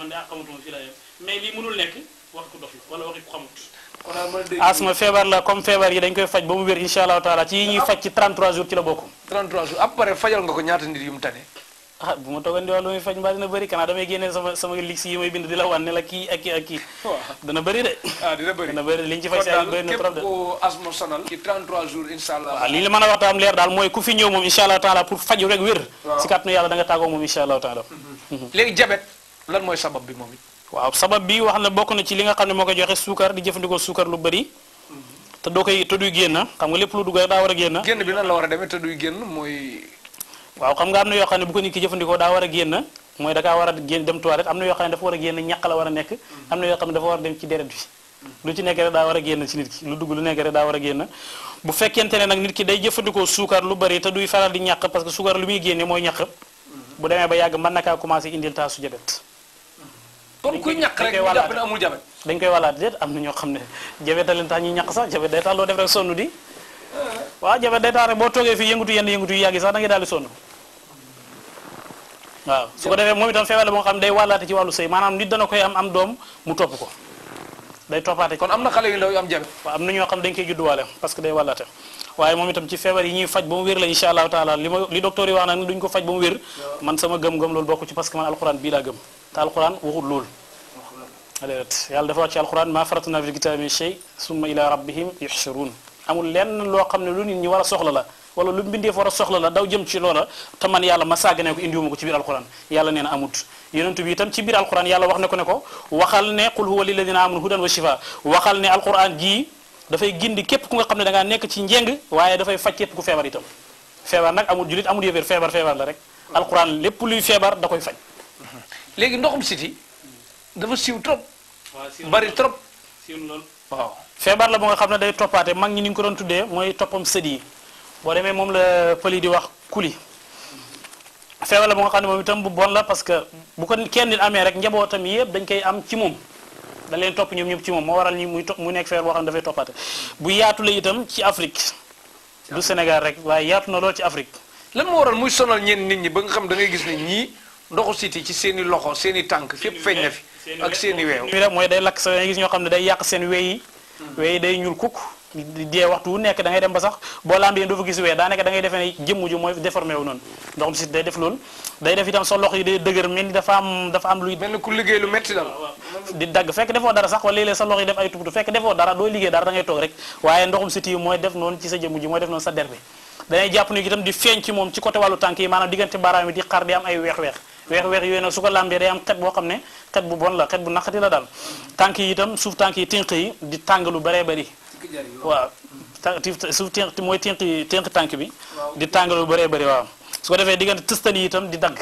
yem mais lii mënul nekk wax ku dof la wala waxi ku xamut asma ah, feebar la comme feebar yi dañ koy faj ba mu insha allahu taala ci yi ah. faj ci 33 jours ci la bokk nga ko ñaata nit ah bu ma toogoon di wax lu muy faj mbaa dina bëri kanaa damay génne sama sama lix yi may bind di la wan ne kii ak kii ak kii dana bëri de ah dina dana bëri li ñu ci faj sa bëri na trop de a waxtaan mooy ku fi ñëw moom incha allah taala mhm. Mhm. lan mooy sabab bi moom it waaw sabab bi wax na bokk na ci li nga xam ne moo koy joxe suukar di jëfandikoo suukar lu bëri mhm. te doo koy te duy génn xam nga lépp lu dugg daa war a génn génn bi nan la war a demee te duy génn waaw xam nga am na yoo xam ne bu ko nit ki jëfandikoo daa war a génn mooy da war a génn dem toilette am na yoo xam ne dafa war a a nekk am na yoo xam ne dafa war a a génn ci nit ki nekk rek a génn bu fekkente ne nag nit ki day jëfandikoo suukar lu bari te duy faral parce que suukar lu muy génne mooy ñàq bu demee ba yàgg mën na kaa commencé indil taasu jabet comme kuy ñàq ñu jàpp amul jabet dañ koy walaat déet am na ñoo xam ne a leen tax ñuy ñàq sax jabet day tax loo def rek sonn di waaw jafe day tax rek boo toogee fii yëngatu yenn yëngatu yu yàgg sax waaw su ko defee moom itam feebar la boo xam ne day wàllaate ci wàllu sëy am na xale yu ndaw yu xam dañ koy judduwaale parce que day wàllaate waaye moom itam ci feebar yi ñuy faj ba mu wér la insha allahu taala li ma li docteur yi wax nag duñ ko faj ba mu man sama gëm-gëm loolu bokku ci parce que man alxuraan bii gëm te alxuraan waxul loolu déedéet yàlla dafa wax ci alxuraan maa faratna fil kitaabi shay summa ila rabbihim yuxsharun amul lenn loo xam ne lu nit ñi war a soxla la wala lu mbindeef war a soxla la daw jëm ci loola te man yàlla ma ne ko indi indiwuma ko ci biir alquran yàlla nee na amut yonentu bi itam ci biir alquran yàlla wax ne ko ne ko waxal ne qul huwa lilladina amanu hudan wa shifa waxal ne alquran jii dafay gindi képp ku nga xam ne da ngaa nekk ci njëng waaye dafay faj képp ku feebar itam feebar nag amul julit amul yëfër feebar feebar la rek alquran lépp luy feebar da koy faj léegi ndoxum siti dafa siiw trop bari trop siiw lool waaw feebar la bu nga xam ne day toppaate mag ñi ni ñu ko doon tuddee mooy toppam sët yi boo demee moom la pëli di wax kuli feebar la bu nga xam ne moom itam bu bon la parce que bu ko kenn nit amee rek njabootam yëpp dañ koy am ci moom da leen topp ñoom ñëpp ci moom moo waral ñi muy mu nekk feebar dafay toppaate bu yaatu la itam ci Afrique du Sénégal rek waaye yaatu na lool ci Afrique lan moo waral muy sonal ñenn nit ñi ba xam da ngay gis ne ñii ndoxu siti ci seeni loxo seeni tànk fépp feeñ na fi ak seeni weew mooy lakk sa gis ñoo xam ne day yàq seen weey yi wey day ñuul kukk dee waxtu wu nekk da ngay dem ba sax boo lambee du fa gis wee daanaka da ngay defee ne jëmm ju mooy déformé wu noonu ndoxum sit def yi day dëgër mel ni dafa am dafa am luy mel ni ku liggéey la di dagg fekk defoo dara sa loxo yi def ay tubtu fekk defoo dara doo liggéey dara da ngay toog rek yi mooy def noonu ci sa jëmm danay jàpp ni itam di feeñ ci moom ci côté tànk yi maanaam diggante baaraam yi di xar di am ay weex-weex weex weex yooyu nag su ko làmbee day am xet boo xam ne xet bu bon la xet bu naqati la daal tànk yi itam suuf tànk yi tinq yi di tàng lu baree bari waaw suuf tinq mooy tinq yi tànk bi di tàng lu baree bari waaw su ko defee diggante tëstal yi itam di dagg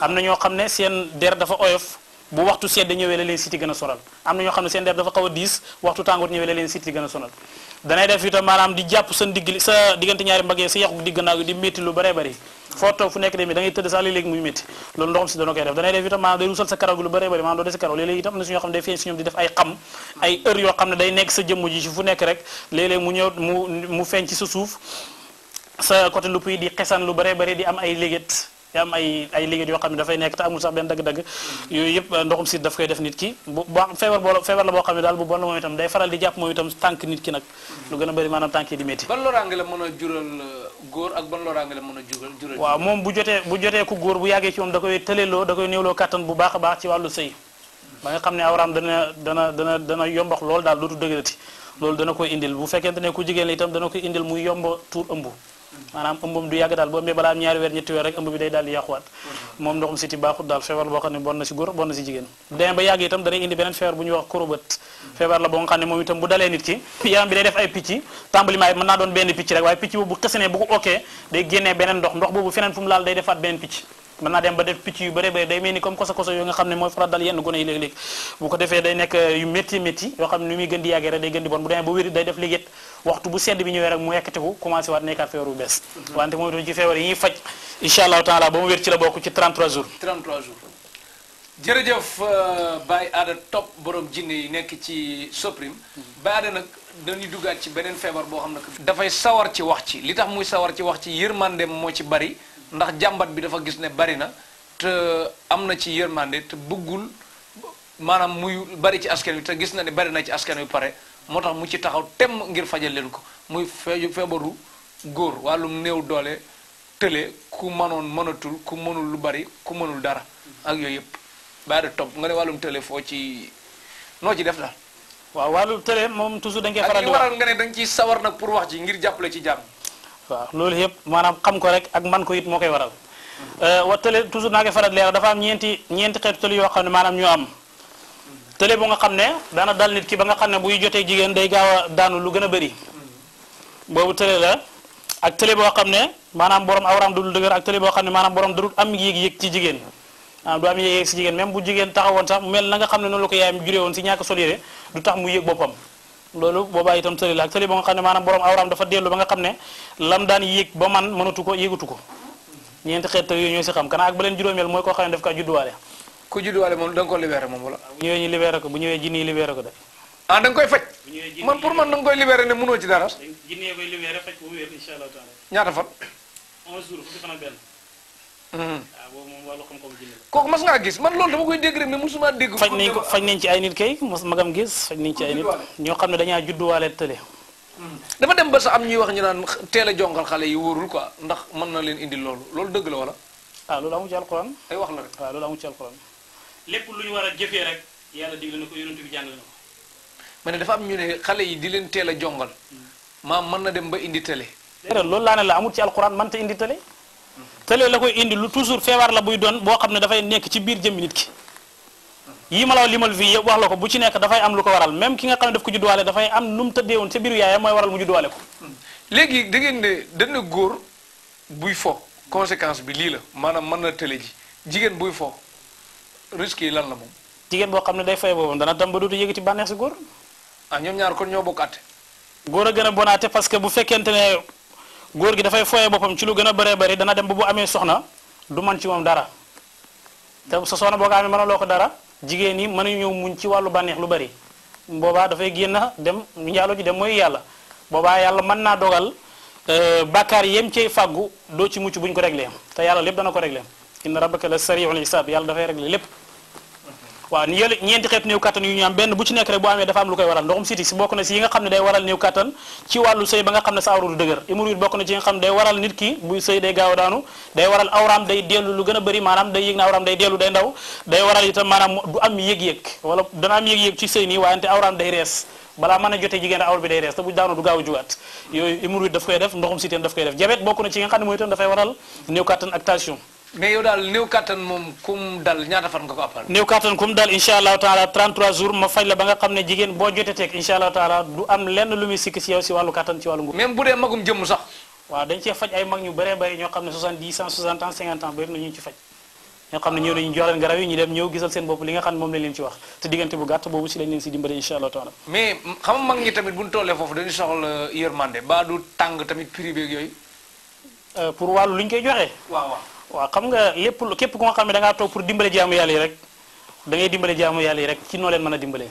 am na ñoo xam ne seen der dafa oyof bu waxtu sedd ñëwee la leen siti gën a sonal am na ñoo xam ne seen der dafa xaw a diis waxtu tàngoor ñëwee la leen siti gën a sonal danay def itam maanaam di jàpp sa ndigg sa diggante ñaari mbagg sa yàqu digg naaw di métti lu bare bari foo toog fu nekk dem da ngay tëdd sax léeg-léeg muy métti loolu ndoxam si dana koy def danay def itam maanaam day rusal sa karaw gi lu bare bari maanaam doo des karaw léeg-léeg itam am na su ñoo xam ne day feeñ si ñoom di def ay xam ay heure yoo xam ne day nekk sa jëmm ji fu nekk rek léeg-léeg mu ñëw mu mu feeñ ci sa suuf sa côté lu puy di xesan lu bare bari di am ay léget te ay ay liggéey yoo xam ne dafay nekk te amul sax benn dagg-dagg yooyu yëpp euh, ndoxum siit daf koy def nit ki bu boo feebar boo la boo xam ne daal bu bon la moom itam day faral di jàpp tànk nit ki nag lu gën a bëri maanaam tànk yi di métti ban loraange la mën a jural euh, góor ak ban loraange la mën waaw moom bu jotee bu jotee ku góor bu yàggee ci moom da koy tëleloo da koy néewloo kàttan bu baax a baax ci wàllu sëy ba nga xam ne awraam dana dana dana dana yombax loolu daal dootu dëgërati loolu dana koy indil bu fekkente ne ku jigéen la itam dana koy indil muy yomba tuur ëmb maanaam ëmbam du yàgg daal boo ëmbee balaa ñaari weer ñetti weer rek ëmb bi day daal yàquwaat mm-hmm. moom ndoxum si góor bon na mm-hmm. feebar la boo xam ne bu dalee nit ki yaram bi day def ay picc tàmbalimaay mën naa doon benn picc rek waaye picc boobu bu xësanee bu day génnee beneen ndox ndox boobu feneen fu laal day defaat beneen picc mën naa dem ba def picc yu bare bëri day mel ni comme koso koso yoo nga xam ne mooy faral dal yenn gone yi léeg-léeg bu ko defee day nekk euh, yu métti métti yoo xam ne nu muy gën di yàggee rek day gën di bon bu demee ba wér day def liggéey waxtu bu sedd bi ñëwee rek mu yekkatiku commencé waat nekkaat feebar bu bees mhm. wante moom itam ci feebar yi ñuy faj incha allahu taala ba mu wér ci la bokk ci 33 jours 33 jours jërëjëf euh, Baye Ada Top borom jinne yi nekk ci Soprim mhm. Baye Ada nag dañuy dugaat ci beneen feebar boo xam ne dafay sawar ci wax ci li tax muy sawar ci wax ci yërmandem moo ci bari ndax jàmbat bi dafa gis ne bari na te am na ci yërmande te bëggul maanaam muy bari ci askan wi te gis na ne bari na ci askan wi pare moo tax mu ci taxaw temm ngir fajal leen ko muy feebaru góor wàllum néew doole tële ku mënoon mënatul ku mënul lu bari ku mënul dara ak yooyu yëpp bàyyi da topp nga ne wàllum tële foo ci noo ci def daal waaw wàllum tële moom toujours da ngeen faral nga ne da nga sawar nag pour wax ji ngir jàppale ci jàmm waaw loolu yëpp maanaam xam ko rek ak man ko it moo koy waral wa tële toujours naa koy faral leer dafa am ñeenti ñeenti xeetu tële yoo xam ne maanaam ñoo am tële bu nga xam ne daana dal nit ki ba nga xam ne buy jotee jigéen day gaaw a daanu lu gën a bëri boobu tële la ak tële boo xam ne maanaam borom awraam dudul dëgër ak tële boo xam ne maanaam borom darul am yéeg-yéeg ci jigéen maanaam du am yéeg-yéeg si jigéen même bu jigéen taxawoon sax mel na nga xam ne noonu la ko yaayam juree woon si ñàkk sol yére du tax mu yéeg boppam lolu boobaa itam tëli la ak tëli ba nga xamne manam borom awram dafa delu ba nga xamne lam daan yéeg ba man mënatu ko yéegatu ko ñeenti xeet tëli yooyu si xam kana ak balen juromel moy ko xamne ne daf kaa judduwaale ku judduwaale moom da nga ko libéré mom wala bu ñi ñu libéré ko bu ñewé jini libéré ko def ah dang koy fajj man pour man dang koy libéré ne mëno ci dara jini koy libéré fajj ko wër inshallah taala ñaata fa 11 jours xana ben hmm ah bo mom walu xam ko bu Kok mas ngaa gis man loolu dama koy dégg mais mosuma dégg. faj nañ ko nañ ci ay magam gis faj nañ ci ay nit ñoo xam ne dañaa judduwaale tële. Hmm. dafa dem ba sa am ñuy wax ñu naan a jongal xale yi quoi ndax na leen indi dëgg la wala. ah loolu amu ci alquran. ay wax la rek waaw ah, loolu amu ci lu ñu war ya? rek yàlla digle na ko bi jàngale na ko. dafa am ñu yi di leen jongal hmm. na indi la ci indi tële la koy indi lu toujours feebar la buy doon boo xam ne dafay nekk ci biir jëmmi nit ki yi ma limal fii yëpp wax la ko bu ci nekk dafay am lu ko waral même ki nga xam ne def ko judduwaale dafay am nu mu tëddee woon sa biir yaayam mooy waral mu judduwaale ko. Hmm. léegi da ngeen góor buy fo conséquence bi lii la maanaam mën na tële ji jigéen buy fo risque yi lan la moom. jigéen boo xam ne day fay boobu dana dem ba dootu yëgati bànneex si góor. ah ñoom ñaar kon ñoo bokk àtte. góor a gën a bonaate parce que bu fekkente ne góor gi dafay foye boppam ci lu gën a bëree bëri dana dem ba bu amee soxna du man ci moom dara te sa soxna boo ko amee mënaloo ko dara jigéen ñi mën a ñëw muñ ci wàllu bànneex lu bëri boobaa dafay génn dem njaaloo ju dem mooy yàlla boobaa yàlla mën naa dogal euh, bàkkaar yem cay fàggu doo ci mucc buñ ko réglé te yàlla lépp dana ko réglé inna rabbaka la sariul hisab yàlla dafay réglé lépp waaw ñeenti xeetu néew kattan yu ñu benn bu ci nekk rek bu amee dafa am lu koy waral ndoxum siti si bokk na si nga xam ne day waral néew kattan ci ne sa awra du dëgër hémorroïde bokk na ci yi nga xam ne day waral nit ki buy sëy day gaaw daanu day waral gën a bëri maanaam day yëg na awraam day dellu day ndaw day maanaam am yëg-yëg wala dana am yëg ci sëy nii waayante awraam day rees balaa mën a jotee jigéen awra bi day rees te bu daanu du gaaw a jugaat yooyu hémorroïde daf koy def ndoxum siti daf koy na xam ne mooy itam dafay waral néew kattan mais yow daal néew kattan moom kum dal ñaata fan nga ko appal. néew kattan kum dal incha allahu taala 33 jours ma faj la ba nga xam ne jigéen boo joteteeg incha allahu taala du am lenn lu muy sikki si yow si wàllu kattan ci wàllu ne 70 160 ans 50 ans bëri na ñu ci faj. ñoo xam ñu nga xam mag ñi tamit bu ñu tollee foofu dañu soxla euh, yërmande ba du tàng tamit privé yooyu. Euh, pour wàllu lu ñu koy joxee. waaw waaw waaw xam nga lépp lu képp ku nga xam ne da ngaa toog pour dimbale jaamu yàlla yi rek da ngay dimbale jaamu yàlla yi rek ci noo leen mën a dimbale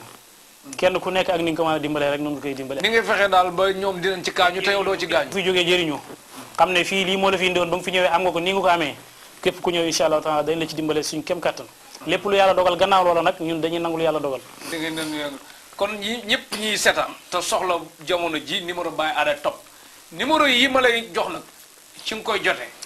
kenn ku nekk ak ni nga ko mën a dimbalee rek noonu koy dimbale ni ngay fexe daal ba ñoom dinañ ci gaañu te yow doo ci gaañu fi xam ne fii lii moo la fi indiwoon ba ñëwee am nga ko nii nga ko amee képp ku ñëw incha allah taala dañ la ci dimbale suñ kem kàttan lépp lu yàlla dogal gannaaw loola nag ñun dañuy nangu lu yàlla dogal kon ñi ñëpp ñiy seetaan te soxla jamono ji numéro Baye Ada Top numéro yi ma lay jox nag ci nga koy jotee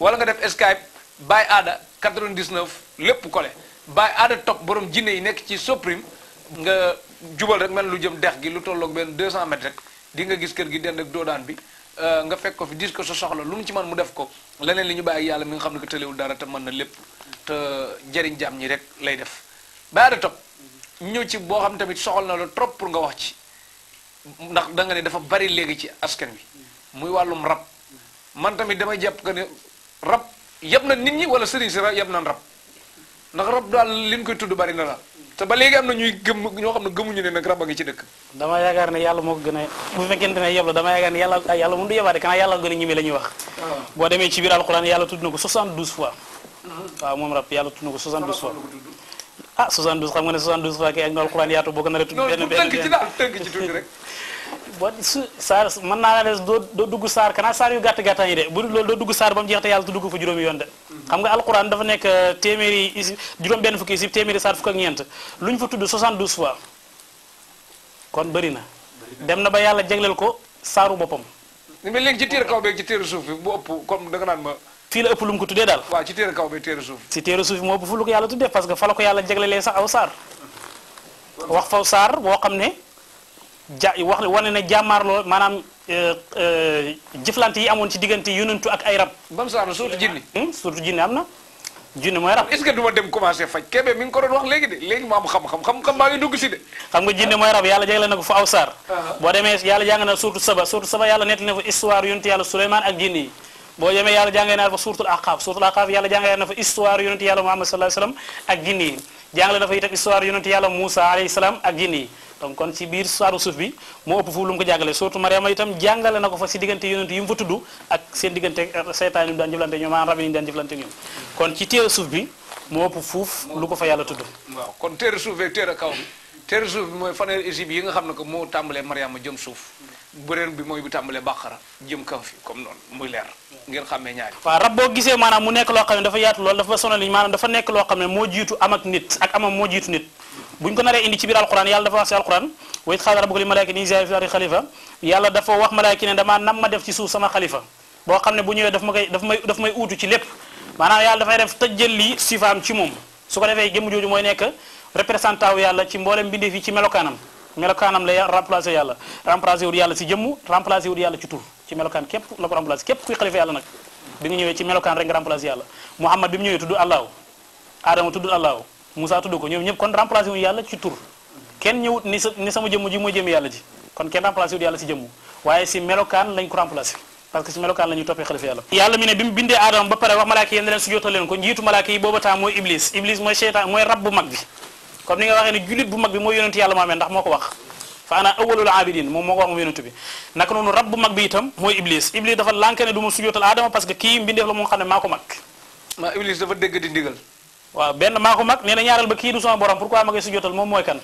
wala nga def skype bay Ada 99 ko kole by Ada top borom jinne yi nek ci supreme nga jubal rek man lu jëm dex gi lu tollok ben 200 mètres rek di nga gis kër gi dend ak dodan bi euh, nga fekk ko fi dis so soxla lu mu ci man mu def ko leneen li ñu bay ak yalla mi nga xamne ko dara te man na lepp te jariñ jam ñi rek lay def bay Ada top, ñëw ci bo xam tamit soxal na lu trop pour nga wax ci ndax da nga ne dafa bari legi ci askan bi muy walum rap man tamit damay japp ko ne rab yab na nit ñi wala sëriñ si yab na rab ndax rab daal li ñu tudd bari na la te ba léegi am na ñuy gëm ñoo xam ne gëmuñu ne nag rab a ngi dëkk dama yaakaar ne yàlla moo ko a bu fekkente ne yab la dama yaakaar ne yàlla yàlla mun du yebaate kanaa yàlla gën a ñime la ñuy wax boo demee ci biir alxuraan yàlla tudd na ko 72 fois waaw moom rab yàlla tudd na ko 72 fois ah 72 xam alxuraan yaatu boo ko a tudd benn benn buat su saar mën naa la des doo doo sar saar kanaa saar yu gàtt gàttan yi de bu loolu doo dugg saar ba mu jeex te yàlla tu dugg fa juróomi yoon de xam nga alquran dafa nekk euh, téeméeri isib juróom benn fukki isib téeméeri saar fukk ak ñeent lu fa tudd 72 fois kon beri na dem na ba yàlla jagleel ko saaru boppam mais léegi ci téere kaw beeg ci téere suuf bu ëpp comme da nga ma fii la ëpp lu mu ko tuddee kau waaw ci sufi. kaw sufi mau suuf si téere suuf bi moo fu lu ko yàlla tuddee parce que fa la ko yàlla jaglelee sax aw saar wax faw ja wax wane ne jàmmaarloo maanaam euh, euh, jiflanti yi amone ci diggante yununtu ak ay rab. bam sa rasul na surtout jinni. Hmm, surtout jinni amna jinni moy rab. est ce que du dem commencer fajj kebe mi ngi ko doon wax léegi de léegi mo am xam-xam xam-xam ba ngi dugg ci de. xam nga jinni moy rab yalla jagle nako fu awsar bo saar. yalla ah. jangana yàlla surtout saba surtout saba yalla nettali na histoire yonantu yalla sulayman ak jinni bo boo yalla yàlla na fa suuratul aqaf suuratul aqaf yalla jàngee na fa histoire yonantu yalla Muhammad sallallahu alayhi wasallam ak jinni yi na fa itak histoire yonantu yalla musa alayhi salam ak jinni donc kon ci bir saaru suuf bi mo upp fu lu ko jàngale surtout Mariama itam jàngale nako fa ci diggante yonent yi mu fa tudd ak seen diggante setan yi dañ daan ñoom am rabbi dañ ñu ñoom kon ci téré suuf bi mo upp fuuf lu ko fa yalla tuddu waaw kon téré suuf beeg téré kaw bi téré suuf bi mooy faneer égypte yi nga xam ko mo tambalé Mariama jëm suuf beneen bi moy bu tambalé bakara jëm kaw fi comme non muy leer ngir xamé ñaari waaw rabbo gisé manam mu nekk lo xamné dafa yaatu lool dafa sonal ni manam dafa nekk lo xamné mo jitu am ak nit ak am mo jitu nit buñ ko naré indi ci bir alquran yàlla dafa wax ci alquran way xaala rabbuka malaika ni nii zaa fi ardi yàlla dafa wax malaika ne dama nam ma def ci sou sama khalifa bo xamne bu ñëwé daf ma koy daf may daf may uutu ci lépp manam yàlla dafay def tejjel li sifam ci mom su ko defé jëmm jooju moy nek représentant wu yàlla ci mboolem mbindeef fi ci melokanam melokanam la remplacer yàlla remplacer wul yàlla ci jëm remplacer wul yàlla ci tour ci melokan kep la ko remplacer kep kuy khalifa yàlla nak bi nga ñëwee ci melokan rek remplacer yàlla muhammad bi mu ñëwee tudd allahu aadama tudd allahu Musa tuddu ko ñoom ñep kon remplacer wu yalla ci tour kenn ñewut ni sama jëm ji mo jëm yalla ji kon kenn remplacer wu yalla si jëm waye si melokan lañ ko remplacer parce que si melokan lañu topé xalifa yalla yalla mi ne bimu bindé adam ba paré wax malaika yeen ne leen su ko malaika yi iblis iblis moy shaytan moy rabbu magbi, mag bi comme ni nga waxé ni julit bu mag bi mooy yonentu yàlla maamee ndax moko wax fa ana awwalul abidin mom moko wax bi nak nonu rabbu mag bi itam moy iblis iblis dafa lànk ne du ma adam aadama parce que ki bindé la mo xamné mako mag ma iblis dafa dégg di ndigal waaw benn maa ko mag nee na ñaaral ba kii du sama borom pourquoi ma koy sujootal moom mooy kan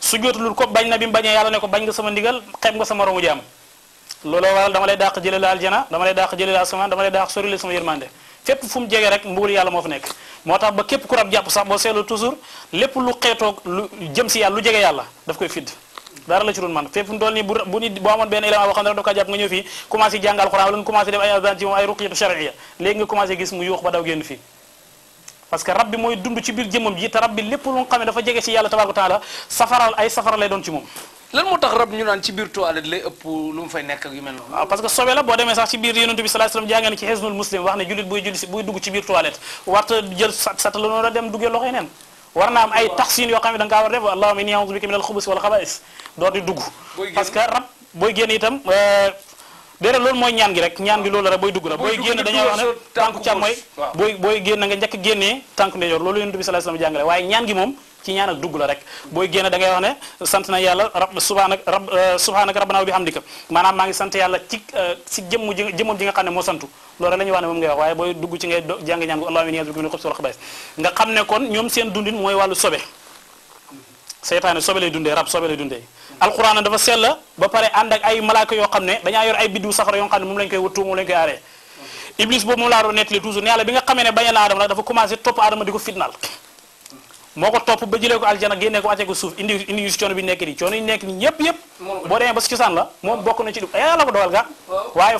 sujootalul ko bañ na bi mu bañee yàlla ne ko bañ nga sama ndigal xeeb nga sama romu jaam looloo waral dama lay dàq jële la aljana dama lay dàq jële la asamaan daf koy fidd dara la ci doon man fépp mu nii bu nit boo amoon benn élément boo xam ne daf kaa jàpp nga ñëw fii commencé jàng alxuraan wala nga commencé def ay azan ci léegi nga commencé gis mu yuux ba daw génn parce que rabbi moy mooy dund ci bir jëmum yi ta rabbi lépp lu xamé dafa jege ci yàlla tabaaraka taala safaral ay safara lay doon ci mom lan motax rab ñu naan ci bir toilette lay ëpp lu mu fay nekk ak yu mel non parce que sobe la bo démé sax ci bir yunus bi sallallahu alayhi wasallam jàngee ci hiznul muslim wax ne julit boy julit si buy dugg ci bir toilette warta jël sat sat la noonu dem duggé loxé nen war naa am ay taxsin yo xamé da nga war def allahumma inni a'udhu bika min al xubusi wal khaba'is do di dugg parce que rab boy génn itam euh déedéet loolu mooy ñaan gi rek ñaan gi loolu rek booy dugg na booy génn dañoo wax ne tànku càmmooy booy booy génn nga njëkk génnee tànku ndeyjoor loolu yonent bi sallallahu alayhi wasallam jàngale waaye ñaan gi moom ci ñaan ak dugg la rek booy génn da ngay wax ne sant na yàlla rab subhanak rab euh, subhanak rabbana wa bihamdika maanaam maa ngi sant yàlla ci si euh, jëmm ji jëmmam ji nga xam ne moo santu loolu rek la ñuy wax ne booy dugg ci ngay jàng ñaan gu nga xam ne kon ñoom seen dundin mooy wàllu sobe seetaane sobe lay dundee rab sobe lay dundee القران دا فا سيل با بار اي ملائكه يو خامني دا نيا اي بيدو سخر يو خامني موم لنجكاي ووتو موم لنجكاي اري ابليس بو موم لا رو نيتلي توجور نيا لا بيغا خامني باغي لا ادم لا دا فا كومانسي توب ادم ديكو فيتنال moko top ba jile ko aljana genné ko até ko souf indi indi yu ciono bi nek ni ciono nek ni yep yep bo dem ba ci san la mom bokku na ci du yalla ko dogal ga waye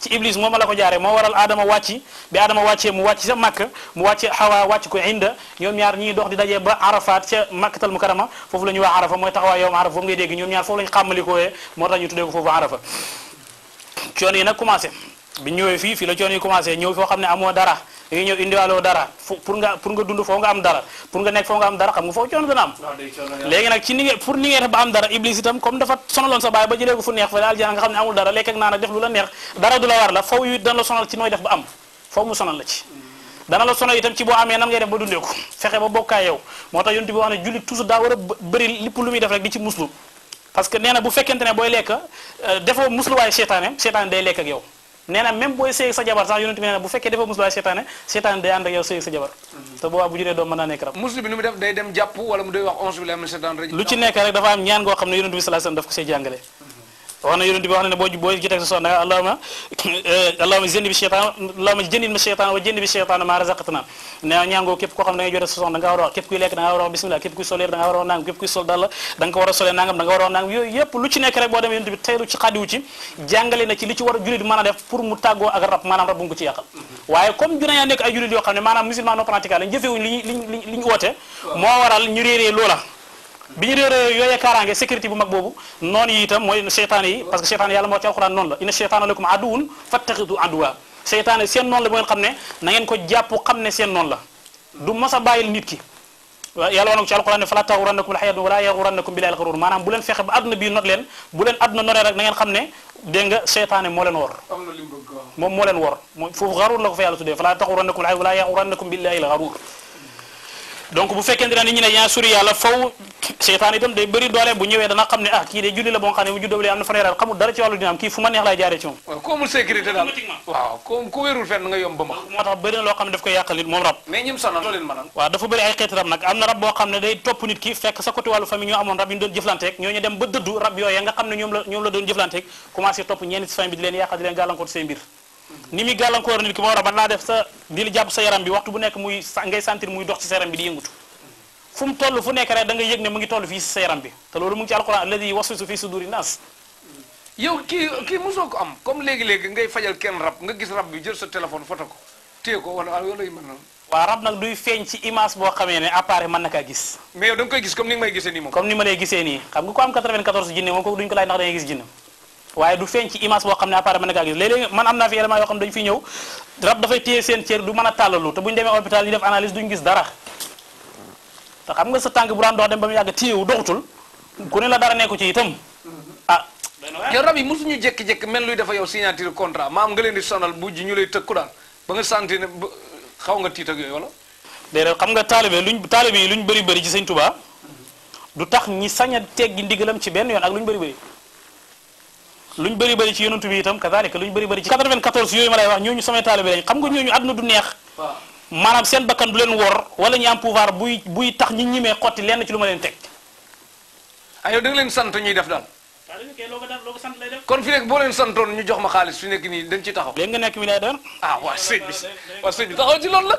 ci iblis mooma la ko jaare moo waral aadama wàcci bi aadama wàccee mu wàcc sa makka mu wàcc xawa wàcc ko inda ñoom ñaar ñii dox di daje ba arafat ca makkatal mukarama foofu la ñuy wax arafa mooy taxawaay yowm arafa foofu ngay dégg ñoom ñaar foofu la ñu xàmmalikooyee moo tax ñu tuddee ko foofu arafa coon yi nag commencé bi ñëwee fii fii la coon yi commencé ñëw foo xam ne amoo dara da ñëw indiwaaloo dara pour nga dund foo nga am dara pour nga nekk foo nga am dara xam nga foofu coono dana am léegi nag ci ni ngeen pour ni ngeen def ba am dara iblis itam ci nooy am foofu mu la ci mm. dana la sonal itam ci boo amee nan ngay def ba dundee ko fexe ba bokkaay yow moo tax yonent bi wax ne jullit toujours daa war a bëri lépp lu muy def rek di ci muslu parce que nee bu fekkente ne booy lekk euh, defoo musluwaay seytaane seytaane day lekk nee na même booy sëy sa jabar sax yonent bi nee na bu fekkee dafa musulaa seytaane seytaane day ànd ak yow sëy sa jabar mm. te boobaa bu juree doom mën naa nekk rab musul bi nu mu def day dem jàpp wala mu day wax onze bi lu ci nekk rek dafa am ñaan goo xam ne yonent bi sallallahu daf ko see jàngale wax na ne boo boo ci teg allahuma allahuma jënd bi cheytaan jëndin ma cheytaan wa jënd bi cheytaan maa razaqtana ne ñaangoo kuy soleer da nga war a lu ci nekk rek boo demee yonent nekk maanaam musulman non pratiquant lañ jëfewuñ liñ liñ moo waral ñu réeree loola biñu réré yoyé karangé sécurité bu mag bobu non yi itam moy shaytan yi parce que shaytan yàlla mo ci alxuraan non la inna shaytana lakum aduun fattakhidhu adwa shaytan sen non la bu ngeen xamné na ngeen ko jàpp xamné sen non la du mos a bàyyil nit ki yàlla wonu ci alxuraan fala falaa alhayatu wala yaghurannakum billaahil xaruur manam bu len fexe ba aduna bi not len bu len aduna noré rek na ngeen xamné de nga seytaane mo len wor amna lim bëgg mom mo len wor moom gharur la ko fa yàlla tuddee fala taxurannakum alhayatu wala yaghurannakum billaahil xaruur donc bu fekkente ne nit ñi ne yaa suri yàlla faw seytaan itam day bëri doole bu ñëwee dana xam ne ah kii de dara ci wàllu dina am kii neex laay jaaree ci moom loo xam ne daf koy yàqal nit moom rab mais ñim sonal loo leen dafa bëri ay xeeti rab nag am na rab boo xam ne day topp nit ki fekk sa côté wàllu famille ñoo amoon rab yu doon jëflanteeg ñoo ñu dem ba dëddu rab yooyee nga xam ne ñoom la doon jëflanteeg commencé topp ñenn ci famille bi di leen yàqal di leen gàllankoor seen mbir ni muy gàllankoor nit ki moo war a mën def sa di jàpp sa yaram bi waxtu bu nekk muy ngay sentir muy dox ci sa yaram bi di yëngutu fu mu toll fu nekk rek da yëg ne mu ngi toll fii si sa yaram bi te loolu mu ngi ci alquran alladi waswisu fi suduri naas yow kii kii mosoo ko am comme léegi-léegi ngay fajal kenn rab nga gis rab bi jël sa téléphone foto ko téye ko wala wala rab nag duy feeñ ci image boo xamee ne appareil mën na kaa gis mais yow waye du fenc image bo xamne ne appareil mën na gis léeg-léeg man amna fi element yo xamne dañ fi ñew ñëw da fay téye sen cër du mën talalu te bu ñu hôpital yi def analyse duñu gis dara ta xam nga sa tank bu daan do dem bam yag yàgg téyewu doxutul ku ne la dara neeku ci itam ah yo rabbi musu ñu jek jek mel luy dafa yow signature contrat maam nga leen di sonal bu ji ñu lay tekk daal ba nga santé ne xaw nga tiit ak yoy wala déedéet xam nga talibé luñ talibé luñ bari bari ci seigne touba du tax ñi sañ a teggi ndigalam ci ben yoon ak luñ bari bari lu ñu bëri ci yonantu bi itam kazalika luñ bëri bëri ci 94 yooyu ma lay wax ñooñu samay taalibe lañ xam nga ñooñu àdduna du neex maanaam seen bakkan du leen wor wala ñu am pouvoir buy tax ñi ñimee xotti lenn ci teg ah, sant ñuy def daal kon fi nekk boo leen santoon ñu jox ma xaalis fi nekk nii dañ ci taxaw léegi nga nekk milliardaire ah waa sëñ bi waa sëñ taxaw ci loolu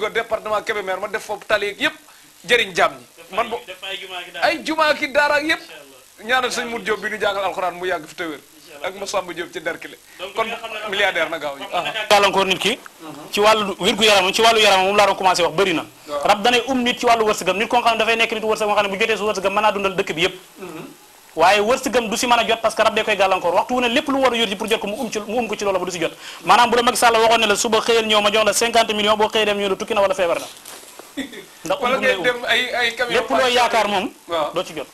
la def foofu tali yëpp jëriñ jàmm ñi man bo ay jumaa ki daara yépp ñaanal sëñ Mour Diop bi ñu jàngal alxuraan mu yàgg fi te wér ak Massamba Diop ci derkile kon milliardaire na gaaw ñu ah. gàllankoor nit ki mhm. ci wàllu wérgu yaram yaram moom laa doon commencé wax bëri na rab danay um nit ci wàllu wërsëgam nit ko nga xam ne dafay nekk nit wërsëg nga jotee su wërsëgam mën naa dundal dëkk bi yépp mhm. waaye wërsëgam du si mën a jot parce que rab dee koy gàllankoor waxtu wu ne lépp lu a mu um, um ndax wala ngeen dem ay ay camion lépp loo yaakaar moom doo ci jot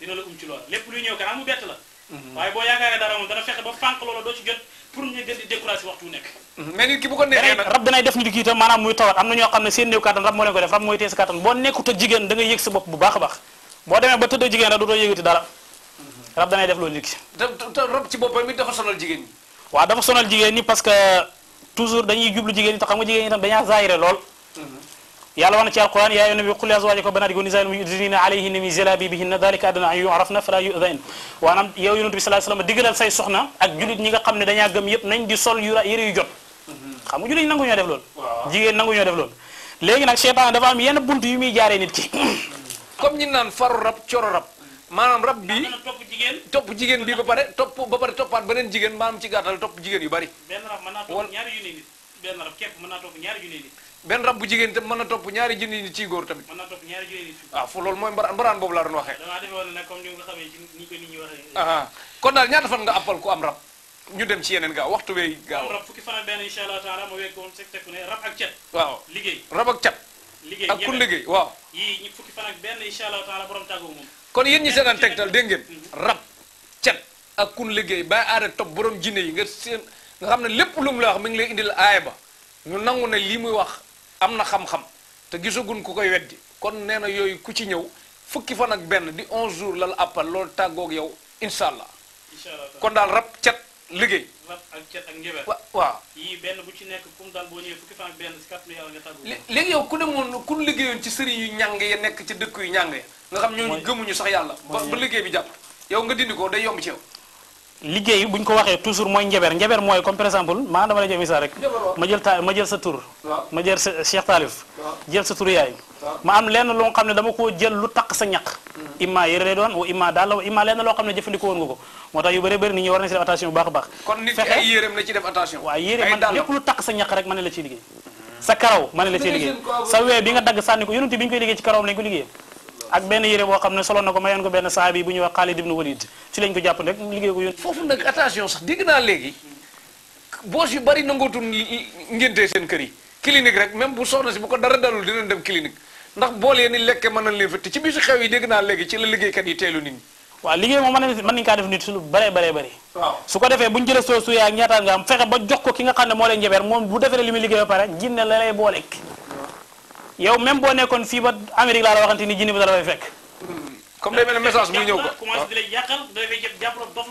dina la um ci loolu lépp luy ñëw kanam mu bett la mhm. waaye boo yaakaaree dara moom dana fexe ba fànq loola doo ci jot pour ñu gën di découragé waxtu wu nekk mhm. rab danay def da nga yëg sa bopp a baax mhm. loolu nit ki rab ci boppam mi dafa sonal jigéen ñi waaw dafa sonal jigéen ñi parce que toujours dañuy jublu jigéen ñi te xam nga jigéen ñi itam dañaa zaayire lool yàlla wax na ci alquran yaa ayyuhan nabiyyu qul li azwaajika wa banaatika wa nisaa al mu'miniina yudniina alayhinna min jalaabiibihinna daalika adnaa an yu'rafna falaa yu'dayna waanaam yow yonent bi ak julit ñi nga xam ne dañaa gëm yëpp nañ di sol yu yëre yu jot xam nga julit nangu ñoo def loolu jigéen nangu ñoo def loolu léegi nag seytaan dafa am yenn buntu yu muy jaaree nit ki comme ñu naan faru rab coro rab maanaam rab bi topp jigéen topp jigéen bi ba pare topp ba pare toppaat beneen jigéen maanaam ci gàttal topp jigéen yu bari benn rab mën naa topp ñaari junni nit benn rab képp mën naa topp ñaari ben rab jigen te meuna top ñaari junni ni ci góor tamit meuna top ñaari junni nit waaw ah, fu lol moy mbaran mbaran bobu la doon waxe dama defe won nag comme ñu nga xamé ci ni ko nit ñi ah kon dal ñaata fan nga appal ku am rab ñu dem ci yenen gaaw waxtu wey ga rab fukki fan ben inshallah taala mo taala won wekk woon ne rab ak cat waaw liggey rab ak cat liggey ak ku liggey waaw yi ñu fukki fan ak ben inshallah taala borom tagu moom kon yeen ñi seen tegtal dégg ngeen mhm. rab cat ak ku liggey bàyyi ara top borom jinne yi nga seen nga xam ne lu mu la wax mi ngi lay indil aaya ba ñu nangu ne li muy wax am na xam-xam te gisagun ku koy weddi kon nee na yooyu ku ci ñëw fukki fan ak benn di 11 jours lal la appal loolu tàggoog yow insha allah. kon daal rab cet liggéey. rab ak cet ak njëbër. ci nekk kum daal boo ñëwee fukki fan ak benn si kàttanu léegi yow ku demoon ku liggéeyoon ci sëriñ yu ñàng ya nekk ci dëkk yu ñàng ya nga xam ñooñu gëmuñu sax yàlla. ba ba liggéey bi jàpp yow nga dindi ko day yomb ci yow liggéey buñ ko waxee toujours mooy njaber njaber mooy comme par exemple maa dama sa tur ma jël sa Cheikh Taalif jël sa tur yaay loo xam ne dama koo jël lu takk sa ñaq mm-hmm. imma yére lay doon wa imma daal la wa imma lenn loo xam ne jëfandikoo woon nga ko moo tax yu bëri bëri nit ñi war nañ si def attention bu baax a baax kon nit ki yéreem la ci def attention waaw yére man lépp la ciy liggéey sa karaw ma la ciy liggéey sa wee bi nga ko yonent bi ci karawam lañ ko liggéey ak benn yére boo xam ne soloon na ko mayoon ko benn saabi yi bu ñuy wax Xaalid ibn Walid ci lañ ko jàpp rek naa léegi boos yu bari nangootul ngéntee seen kër yi clinique rek même bu soxna si bu ko dara dalul dinañ dem clinique ndax bool yee ni lekke mën nañ leen fëtti ci bisu xew yi dégg naa léegi ci la liggéeykat yi teelu nit ñi waaw liggéey moom mën mën nañu kaa def nit su lu bare bare bare su ko defee bu ñu jëlee soo suyaak ñaataat nga am fexe ba jox ko ki nga xam ne moo lay njabeer moom bu defee li muy liggéey yow même boo nekkoon fii ba Amérique laa la waxante ni jinne bi la fay fekk. comme day mel ne message muy ñëw ko commencé di lay yàqal da lay jàpp dof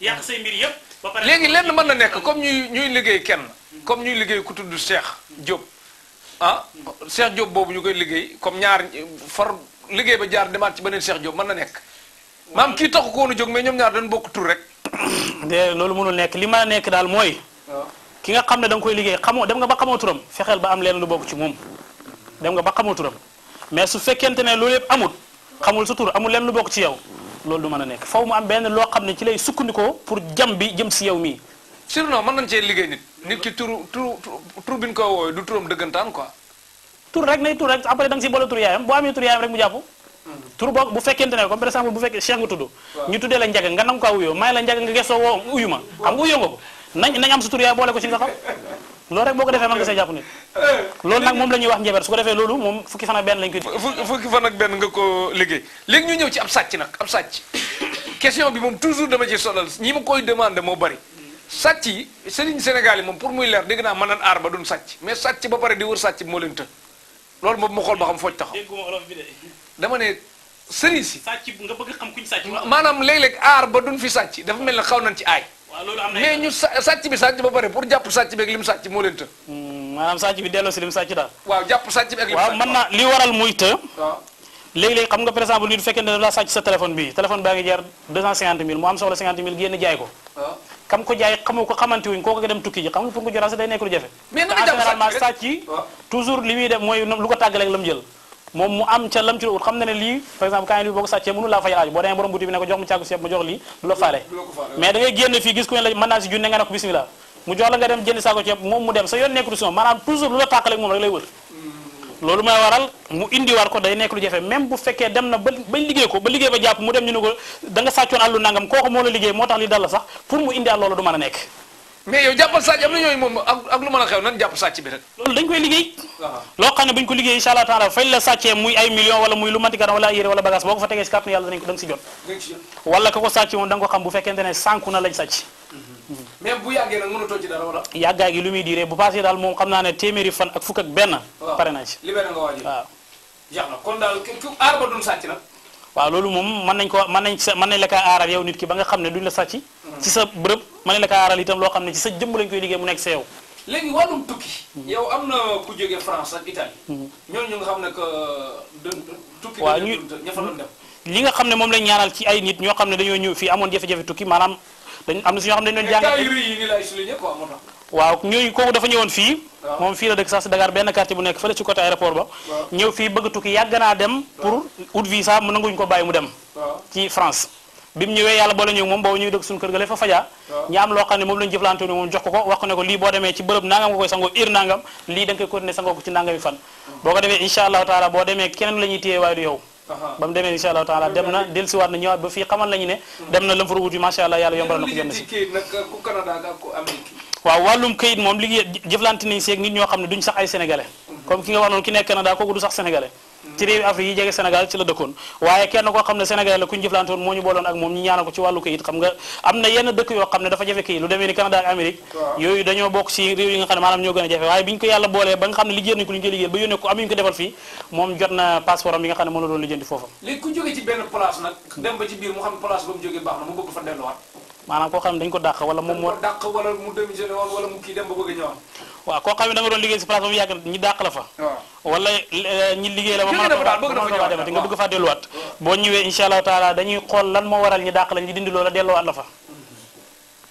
yëpp. léegi lenn mën na nekk comme ñuy ñuy liggéey kenn. comme ñuy liggéey ku tudd Cheikh Diop. ah Cheikh Diop boobu ñu koy liggéey comme ñaar far liggéey ba jaar demaat ci beneen Cheikh Diop mën na nekk. maam kii taxu ko woon a jóg mais ñoom ñaar dañu bokk tur rek. de loolu mënul nekk li ma nekk daal mooy. Ah. ki nga xam ne da nga koy liggéey xamoo dem nga ba xamoo turam fexeel ba am leen lu bokk ci moom dem nga ba xamul turam mais su fekkente ne loolu yëpp amul xamul sa tur amul lenn lu bokk ci yow loolu du mën a nekk faw mu am benn loo xam ne ci lay sukkandikoo pour jam bi jëm si yow mii. surnom mën nañ cee liggéey nit. ki tur tur tur bi ko woowee du turam dëggantaan quoi. tur rek da nga si boole tur yaayam boo amee tur yaayam rek mu jàpp. tur boo bu fekkente ne comme par bu fekkee Cheikh nga tudd. ñu tuddee la njaga nga nangu ko uyo may la njaga nga gëstoo woo uyu xam nga uyoo nga ko nañ nañ am sa tur yaay boole ko ci nga loolu rek boo ko defee mën nga see jàpp nit eh, loolu nag moom la ñuy wax njeber su ko defee loolu moom fukki fan ak benn lañ koy fukki benn nga ko liggéey léegi ñu ñëw ci ab sàcc nag ab sàcc question bi moom toujours dama ci solal ñi ma koy demandé moo bari sàcc yi sëriñ Sénégal yi moom pour muy leer dégg naa mën nan aar ba duñ sàcc mais sàcc ba pare di wër sàcc bi moo leen të loolu moom ma xool ba xam fooj taxaw dama ne sëriñ si sàcc nga bëgg xam kuñ sàcc maanaam léeg-léeg aar ba duñ fi sàcc dafa mel na xaw nañ ci aay mais ñu sàcc bi sàcc ba pare pour jàpp sàcc bi ak lim sàcc moo leen të. Hmm, maanaam sàcc bi delloo si lim sàcc daal. waaw jàpp sàcc bi ak lim sàcc waaw mën na li waral muy të. waaw léegi-léegi xam nga bi téléphone baa ngi jar 250000 mu am soxla 50000 génn jaay ko. kam ko jaay ko xamante wuñ kooku nga dem tukki ji xam nga pour nga jotaat si day nekk lu jafe. mais nan jàpp sàcc toujours li muy def mooy lu ko tàggaleeg la mu jël moom mu am ca lam ci ut xam na ne lii par exemple kaani bi boo ko sàccee mënu laa fay aaju boo demee borom buti bi ne ko jox mu ne la mën naa toujours lu la tàqale moom rek lay wër hmm. loolu mooy waral mu indiwaat ko day nekk lu jafe même bu fekkee dem na ba bañ liggéey ko ba liggéey ba jàpp mu dem ñu ne ko da nga sàccoon àllu nangam kooku moo la liggéey moo tax li dal la sax pour mu indiwaat loolu du mën a nekk mais yow jàppal sàcc am na ñooñu moom ak lu mën a xew nan jàpp sàcc bi rek. loolu dañ koy liggéey. loo xam ne bu ñu ko liggéey incha allah taala fañ la sàccee muy ay million wala muy lu manti garan wala yére wala bagage boo ko fa tegee si kàttanu yàlla danañ si jot. wala ka ko sàcc moom da ko xam bu fekkente ne sànku na lañ sàcc. Mm-hmm. mais bu nag mënatoo ci dara yàggaay gi lu muy diiree bu paasee daal moom xam naa ne téeméeri fan ak fukk ak benn. pare naa ci waaw waaw loolu moom mën nañ ko mën nañ sa mën nañ la kaa aaral yow nit ki ba nga xam ne duñ la sàcc sa bërëb mën nañ la aaral itam loo xam ne ci sa jëmm lañ koy liggéey mu nekk sa yow yow am na ku jógee France ak Italie mhm. nga xam ne que tukki waaw li nga xam ne moom lañ ñaanal ci ay nit ñoo xam ne dañoo ñëw fii amoon jafe-jafe tukki maanaam dañ am na si ñoo xam ne dañ doon jàng waaw ñooñu ko dafa ñëwoon fii moom fii la dëkk sax si Dakar benn quartier bu nekk fële ci côté aéroport ba ñëw fii bëgg tukki yàgg naa dem pour ut visa mu dem ci France bi mu ñëwee yàlla boole ñu moom loo xam ne moom lañu jëflante ni moom ko ko wax ko ne ko lii boo demee ci fan hmm. boo ko defee insha allahu taala boo demee kenn la ñuy téye waaye du yow ba mu demee insha na dellusiwaat dem na hmm. lam fa hmm. wuti masha allah yàlla yombal na ko jënd si waaw wàllum këyit moom liggéey jëflante nañ seeg nit ñoo xam ne duñ sax ay sénégalais nga wax noonu nekk Canada kooku du sax sénégalais ci Afrique yi jege Sénégal ci la dëkkoon waaye kenn koo xam ne sénégalais la ku ñu jëflante woon moo ñu ko xam ne dafa lu demee ni Canada ak Amérique yooyu dañoo bokk ci ñoo gën na am ne moom la doon lijjanti foofa léegi ku jóge ci benn place nag dem ba ci biir mu xam place ba mu baax na mu bëgg fa delluwaat maanaam koo xam ne dañ ko dàq wala moom moo dàq wala mu démissionné a waaw koo xam ne da nga doon liggéey si place ba mu yàgg ñi dàq la fa wala eh, ñi ba mënatoo demati nga bëgg faa delluwaat boo ñëwee dàq la ñi dindi loola delluwaat la fa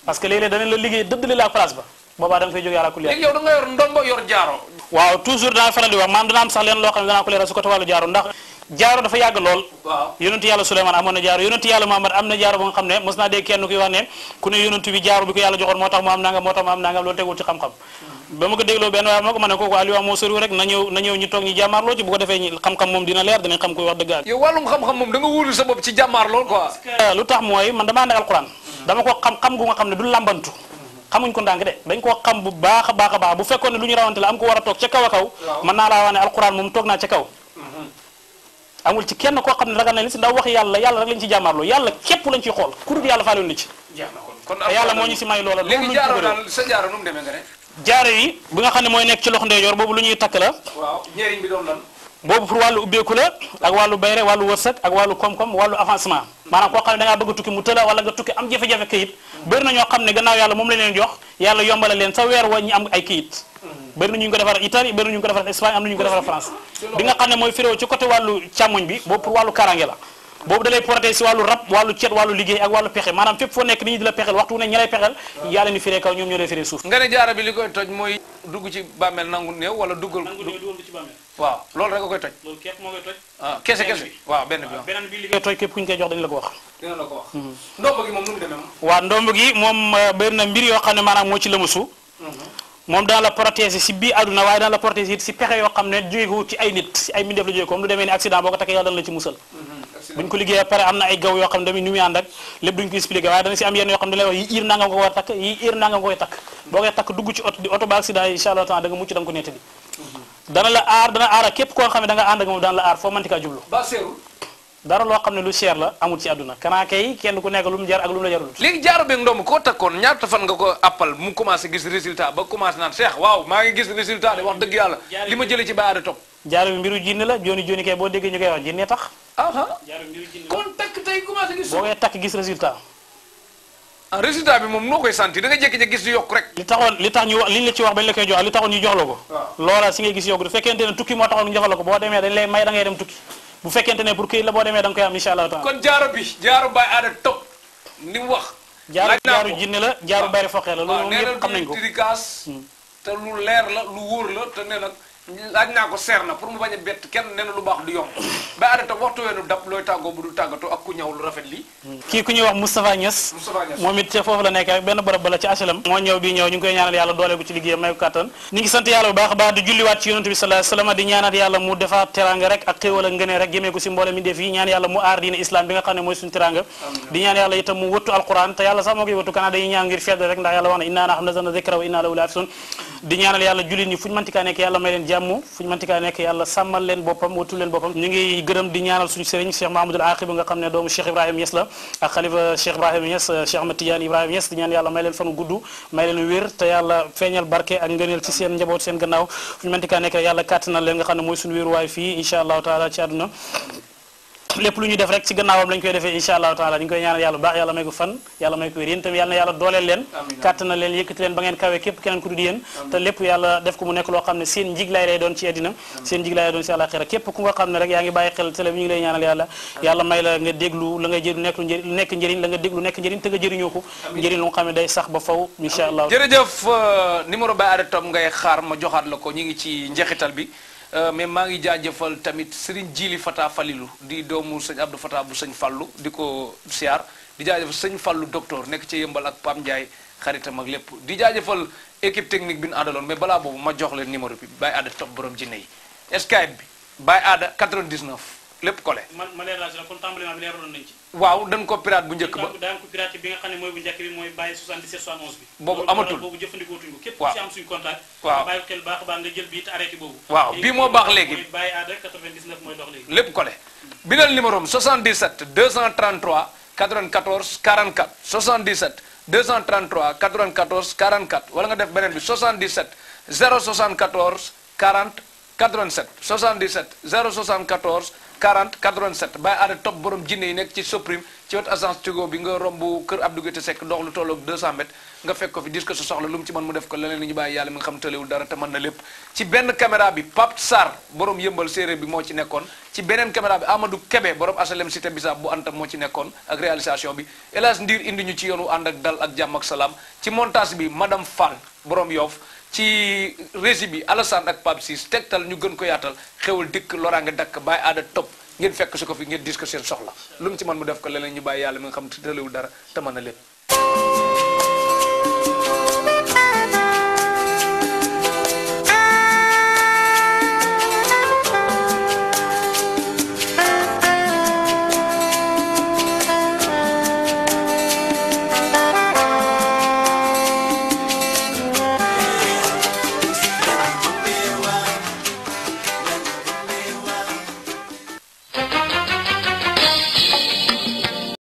parce que léeg-léeg danañ liggéey dëddali la ak place ba boobaa da nga fay jóge a ku léegi yow da nga yor ndombo yor jaaro waaw toujours dana faral di wax maanaam dana sax leen loo xam danaa ko leeral su ko wàllu jaaro jaaro dafa yàgg lool yonentu yàlla Suleymaan amoon na jaaro yonentu yàlla Muhammad am na jaaro ba nga xam ne mos naa dégg kenn wax ne ko yàlla joxoon moo tax xam-xam hmm. ba ko dégloo benn bu moom dina leer dinañ xam koy wax dëgg lu tax mooy man damaa ne alquran hmm. dama ko xam xam nga xam ne du lambantu hmm. xamuñ ko ndànk de dañ koo xam bu baax a baax a baax bu fekkoon ne lu ñu rawante la am ko war a toog ca kaw a kaw mën naa laa wax ne alquran moom toog naa ca kaw amul ci kenn koo xam ne ragal nañ la si ndax wax yàlla yàlla rek lañ ci jàmmaarloo yàlla képp lañ ciy xool ku dul yàlla faale na ci te yàlla moo ñu si may loola léegi jaaro daal jaaro yi bi nga xam ne mooy nekk ci loxo ndeyjoor boobu lu ñuy takk la waaw ñeeriñ bi doon lan boobu pour wàllu ubbeeku la ak wàllu bayre wàllu wërsëg ak wàllu koom-koom wàllu avancement maanaam koo xam ne da ngaa bëgg a tukki mu tëla wala nga tukki am jafe-jafe kayit bëri na ñoo xam ne gannaaw yàlla moom la leen jox yàlla yombale leen sa weer wa ñu am ay kayit bëri na ñu ko defar Italie bëri ñu ko defar Espagne am na ñu ko defar France bi nga xam ne mooy firéw ci côté wàllu càmmoñ bi boobu pour wàllu karange la boobu da lay protéger si wàllu rab wàllu cet wàllu liggéey ak wàllu pexe maanaam fépp foo nekk nit ñi di la pexel waxtu ne ñi lay pexel firee kaw ñoom ñoo lay firee suuf nga loolu rek a koy toj moo koy ah, waaw benn ah, beneen bi li képp ku ñu koy jox dañu la ko wax dina la ko wax mhm. ndomb gi moom nu mu euh, na mbir yoo xam ne maanaam moo ci lëmusu mhm. moom dana la protéger si bii àdduna waaye dana la protéger si pexe yoo xam ne jóge ko ci ay nit si ay mbindeef la jóge comme lu demee ni accident boo ko takkee yàlla dana la ci musal mhm. buñ ko liggéey paré amna ay gaw yo xam dañuy tamit ñu muy ak duñ ko expliquer waaye dañ si am yeen yo xam ne lay wax yi ir nangam ko war tak yi ir nangam nga koy tak bo ngay tak dugg ci auto di auto ba accident incha da nga mucc da nga ko dana la ar dana ara kep képp koo da nga and ak dana la aar jublu ba seerul dara lo xamné lu cher la amul ci aduna kana kay kenn ku nekk lu mu jar ak lu mu la jarul léegi be beeg ndoom koo takkoon ñaata fan nga ko appal mu commencé gis résultat ba commencé nan Cheikh waaw ma ngi gis résultat di wax deug yalla lima jël ci baara top jaaro mbiru jinn la joni joni kay bo ñu kay wax tax Gitu. ah kon takk tey commencé gis. boo koy takk gis résultat. ah résultat bi moom noo koy santi da nga jékki-jékki gis yokk rek. li taxoon li tax ñu wax liñ la ci wax bañ la koy jox li taxoon ñu jox la ko. Ah. loola si ngay gis yokk du fekkente ne tukki moo taxoon ñu jox la ko boo demee dañ lay may da ngay dem tukki bu fekkente ne pour kii la boo demee da nga koy am incha allah. kon jaaro bi jaaro bàyyi aada topp ni mu wax. laaj naa ko jaaru jinne la jaaru ah. bari foqee la. loolu ah, moom ñëpp xam nañ ko hmm. te lu leer la lu wóor la te nee nag laaj naa ko seer na pour mu bañ a bett kenn nee lu baax du yomb ba arrêté waxtu weenu dab looy tàggoo bu dul tàggatoo ak ku ñaw lu rafet lii kii ku ñuy wax Moustapha Niass moom it foofu la nekk benn bërëb ci HLM moo ñëw bi ñëw ñu koy ñaanal yàlla doole ci liggéeyam may ko kàttan ñu yàlla baax a baax di julliwaat ci yonent bi sallallahu alayhi di ñaanal yàlla mu defaat teranga rek ak xéewal ak ngënee rek jëmee ko si mboolem mi def yi jàmm fu ñu mantikaa nekk yàlla sàmmal leen boppam wattu leen boppam ñu ngi gërëm di ñaanal suñu sëriñ Cheikh Mahamadul Aqib nga xam ne doomu Cheikh Ibrahima Niass la ak xalifa Cheikh Ibrahima Niass Cheikh Ahmed Tidiane Ibrahima Niass di ñaan yàlla may leen fanu gudd may leen wér te yàlla feeñal barke ak ngëneel ci seen njaboot seen gannaaw fu ñu mantikaa nekk yàlla kàttanal leen nga xam ne mooy suñu wéeruwaay fii incha allahu taala ci àdduna lépp lu ñu def rek ci gannaawam lañ koy defee insha allahu taala dañ koy ñaanal yàlla bu baax yàlla may ko fan yàlla may ko wér yéen tamit yàlla na yàlla dooleel leen kàtt na leen yëkkati leen ba ngeen kawee képp keneen ku dul yéen te ne seen nga xam ne rek yaa ngi bàyyi xel télé bi ñu ngi lay ñaanal yàlla yàlla may la nga déglu la nekk lu nekk njëriñ la nga déglu nekk njëriñ te nga jëriñoo ko njëriñ lu nga xam ne day sax ba faw insha allah jërëjëf euh, numéro bay arrêtom ngay xaar joxaat la ko ngi ci njeexital bi Euh, mais maa ngi jaajëfal tamit Serigne Jili Fata Falilu di doomu sëñ ab Abdou Fata bu sëñ Fallu di ko siyaar di jaajëfal sëñ Fallu docteur nekk ci yëmbal ak Pam Ndiaye xaritam ak lépp di jaajëfal équipe technique bi ñu àndaloon mais balaa boobu ma jox leen numéro bi Baye Ada top borom jinne yi Skype bi Baye Ada 99. lépp collé. man ma leer laa si la kon tàmbali bi leeraloon nañ ci. waaw dañ ko pirate bu njëkk ba daan ko pirate bi nga xam ne mooy bu njëkk bi mooy bàyyi 77 71 bi. boobu amatul boobu jëfandikootuñ ko képp ku si am suñu contact. waaw bàyyi ko xel baax a baax nga jël bii te arrêté boobu. waaw bii moo baax léegi mooy bàyyi aada 99 mooy dox léegi. lépp collé bindal numéro am 77 233 94 44 77 233 94 44 wala nga def beneen bi 77 074 40 87 77 074. 40 87 bàyyi aada topp borom jinne yi nekk ci Suprême ci wetu agence Tigo bi nga romb kër Abdou Guèye Seck dox lu tolloog 200 mètres nga fekk ko fi dis ko sa soxla lu mu ci mën mu def ko leneen li ñu bàyyi yàlla mi nga xam tëlewul dara te mën na lépp ci benn caméra bi Pape Sarr borom yëmbal séeréer bi moo ci nekkoon ci beneen caméra bi Amadou Kébé borom asalem cité bisaab bu antam moo ci nekkoon ak réalisation bi El n indi ñu ci yoonu ak dal ak jàmm ak salaam ci montage bi madame Fall borom Yoff ci régime bi Alassane ak Pape Ciss tegtal ñu gën ko yaatal xewal dikk loraange dakk bàyyi aada topp ngeen fekk si ko fi ngeen dis ko seen soxla lu mu ci man mu def ko leneen ñu bàyyi yàlla mi nga xam te tëlewul dara te man a lépp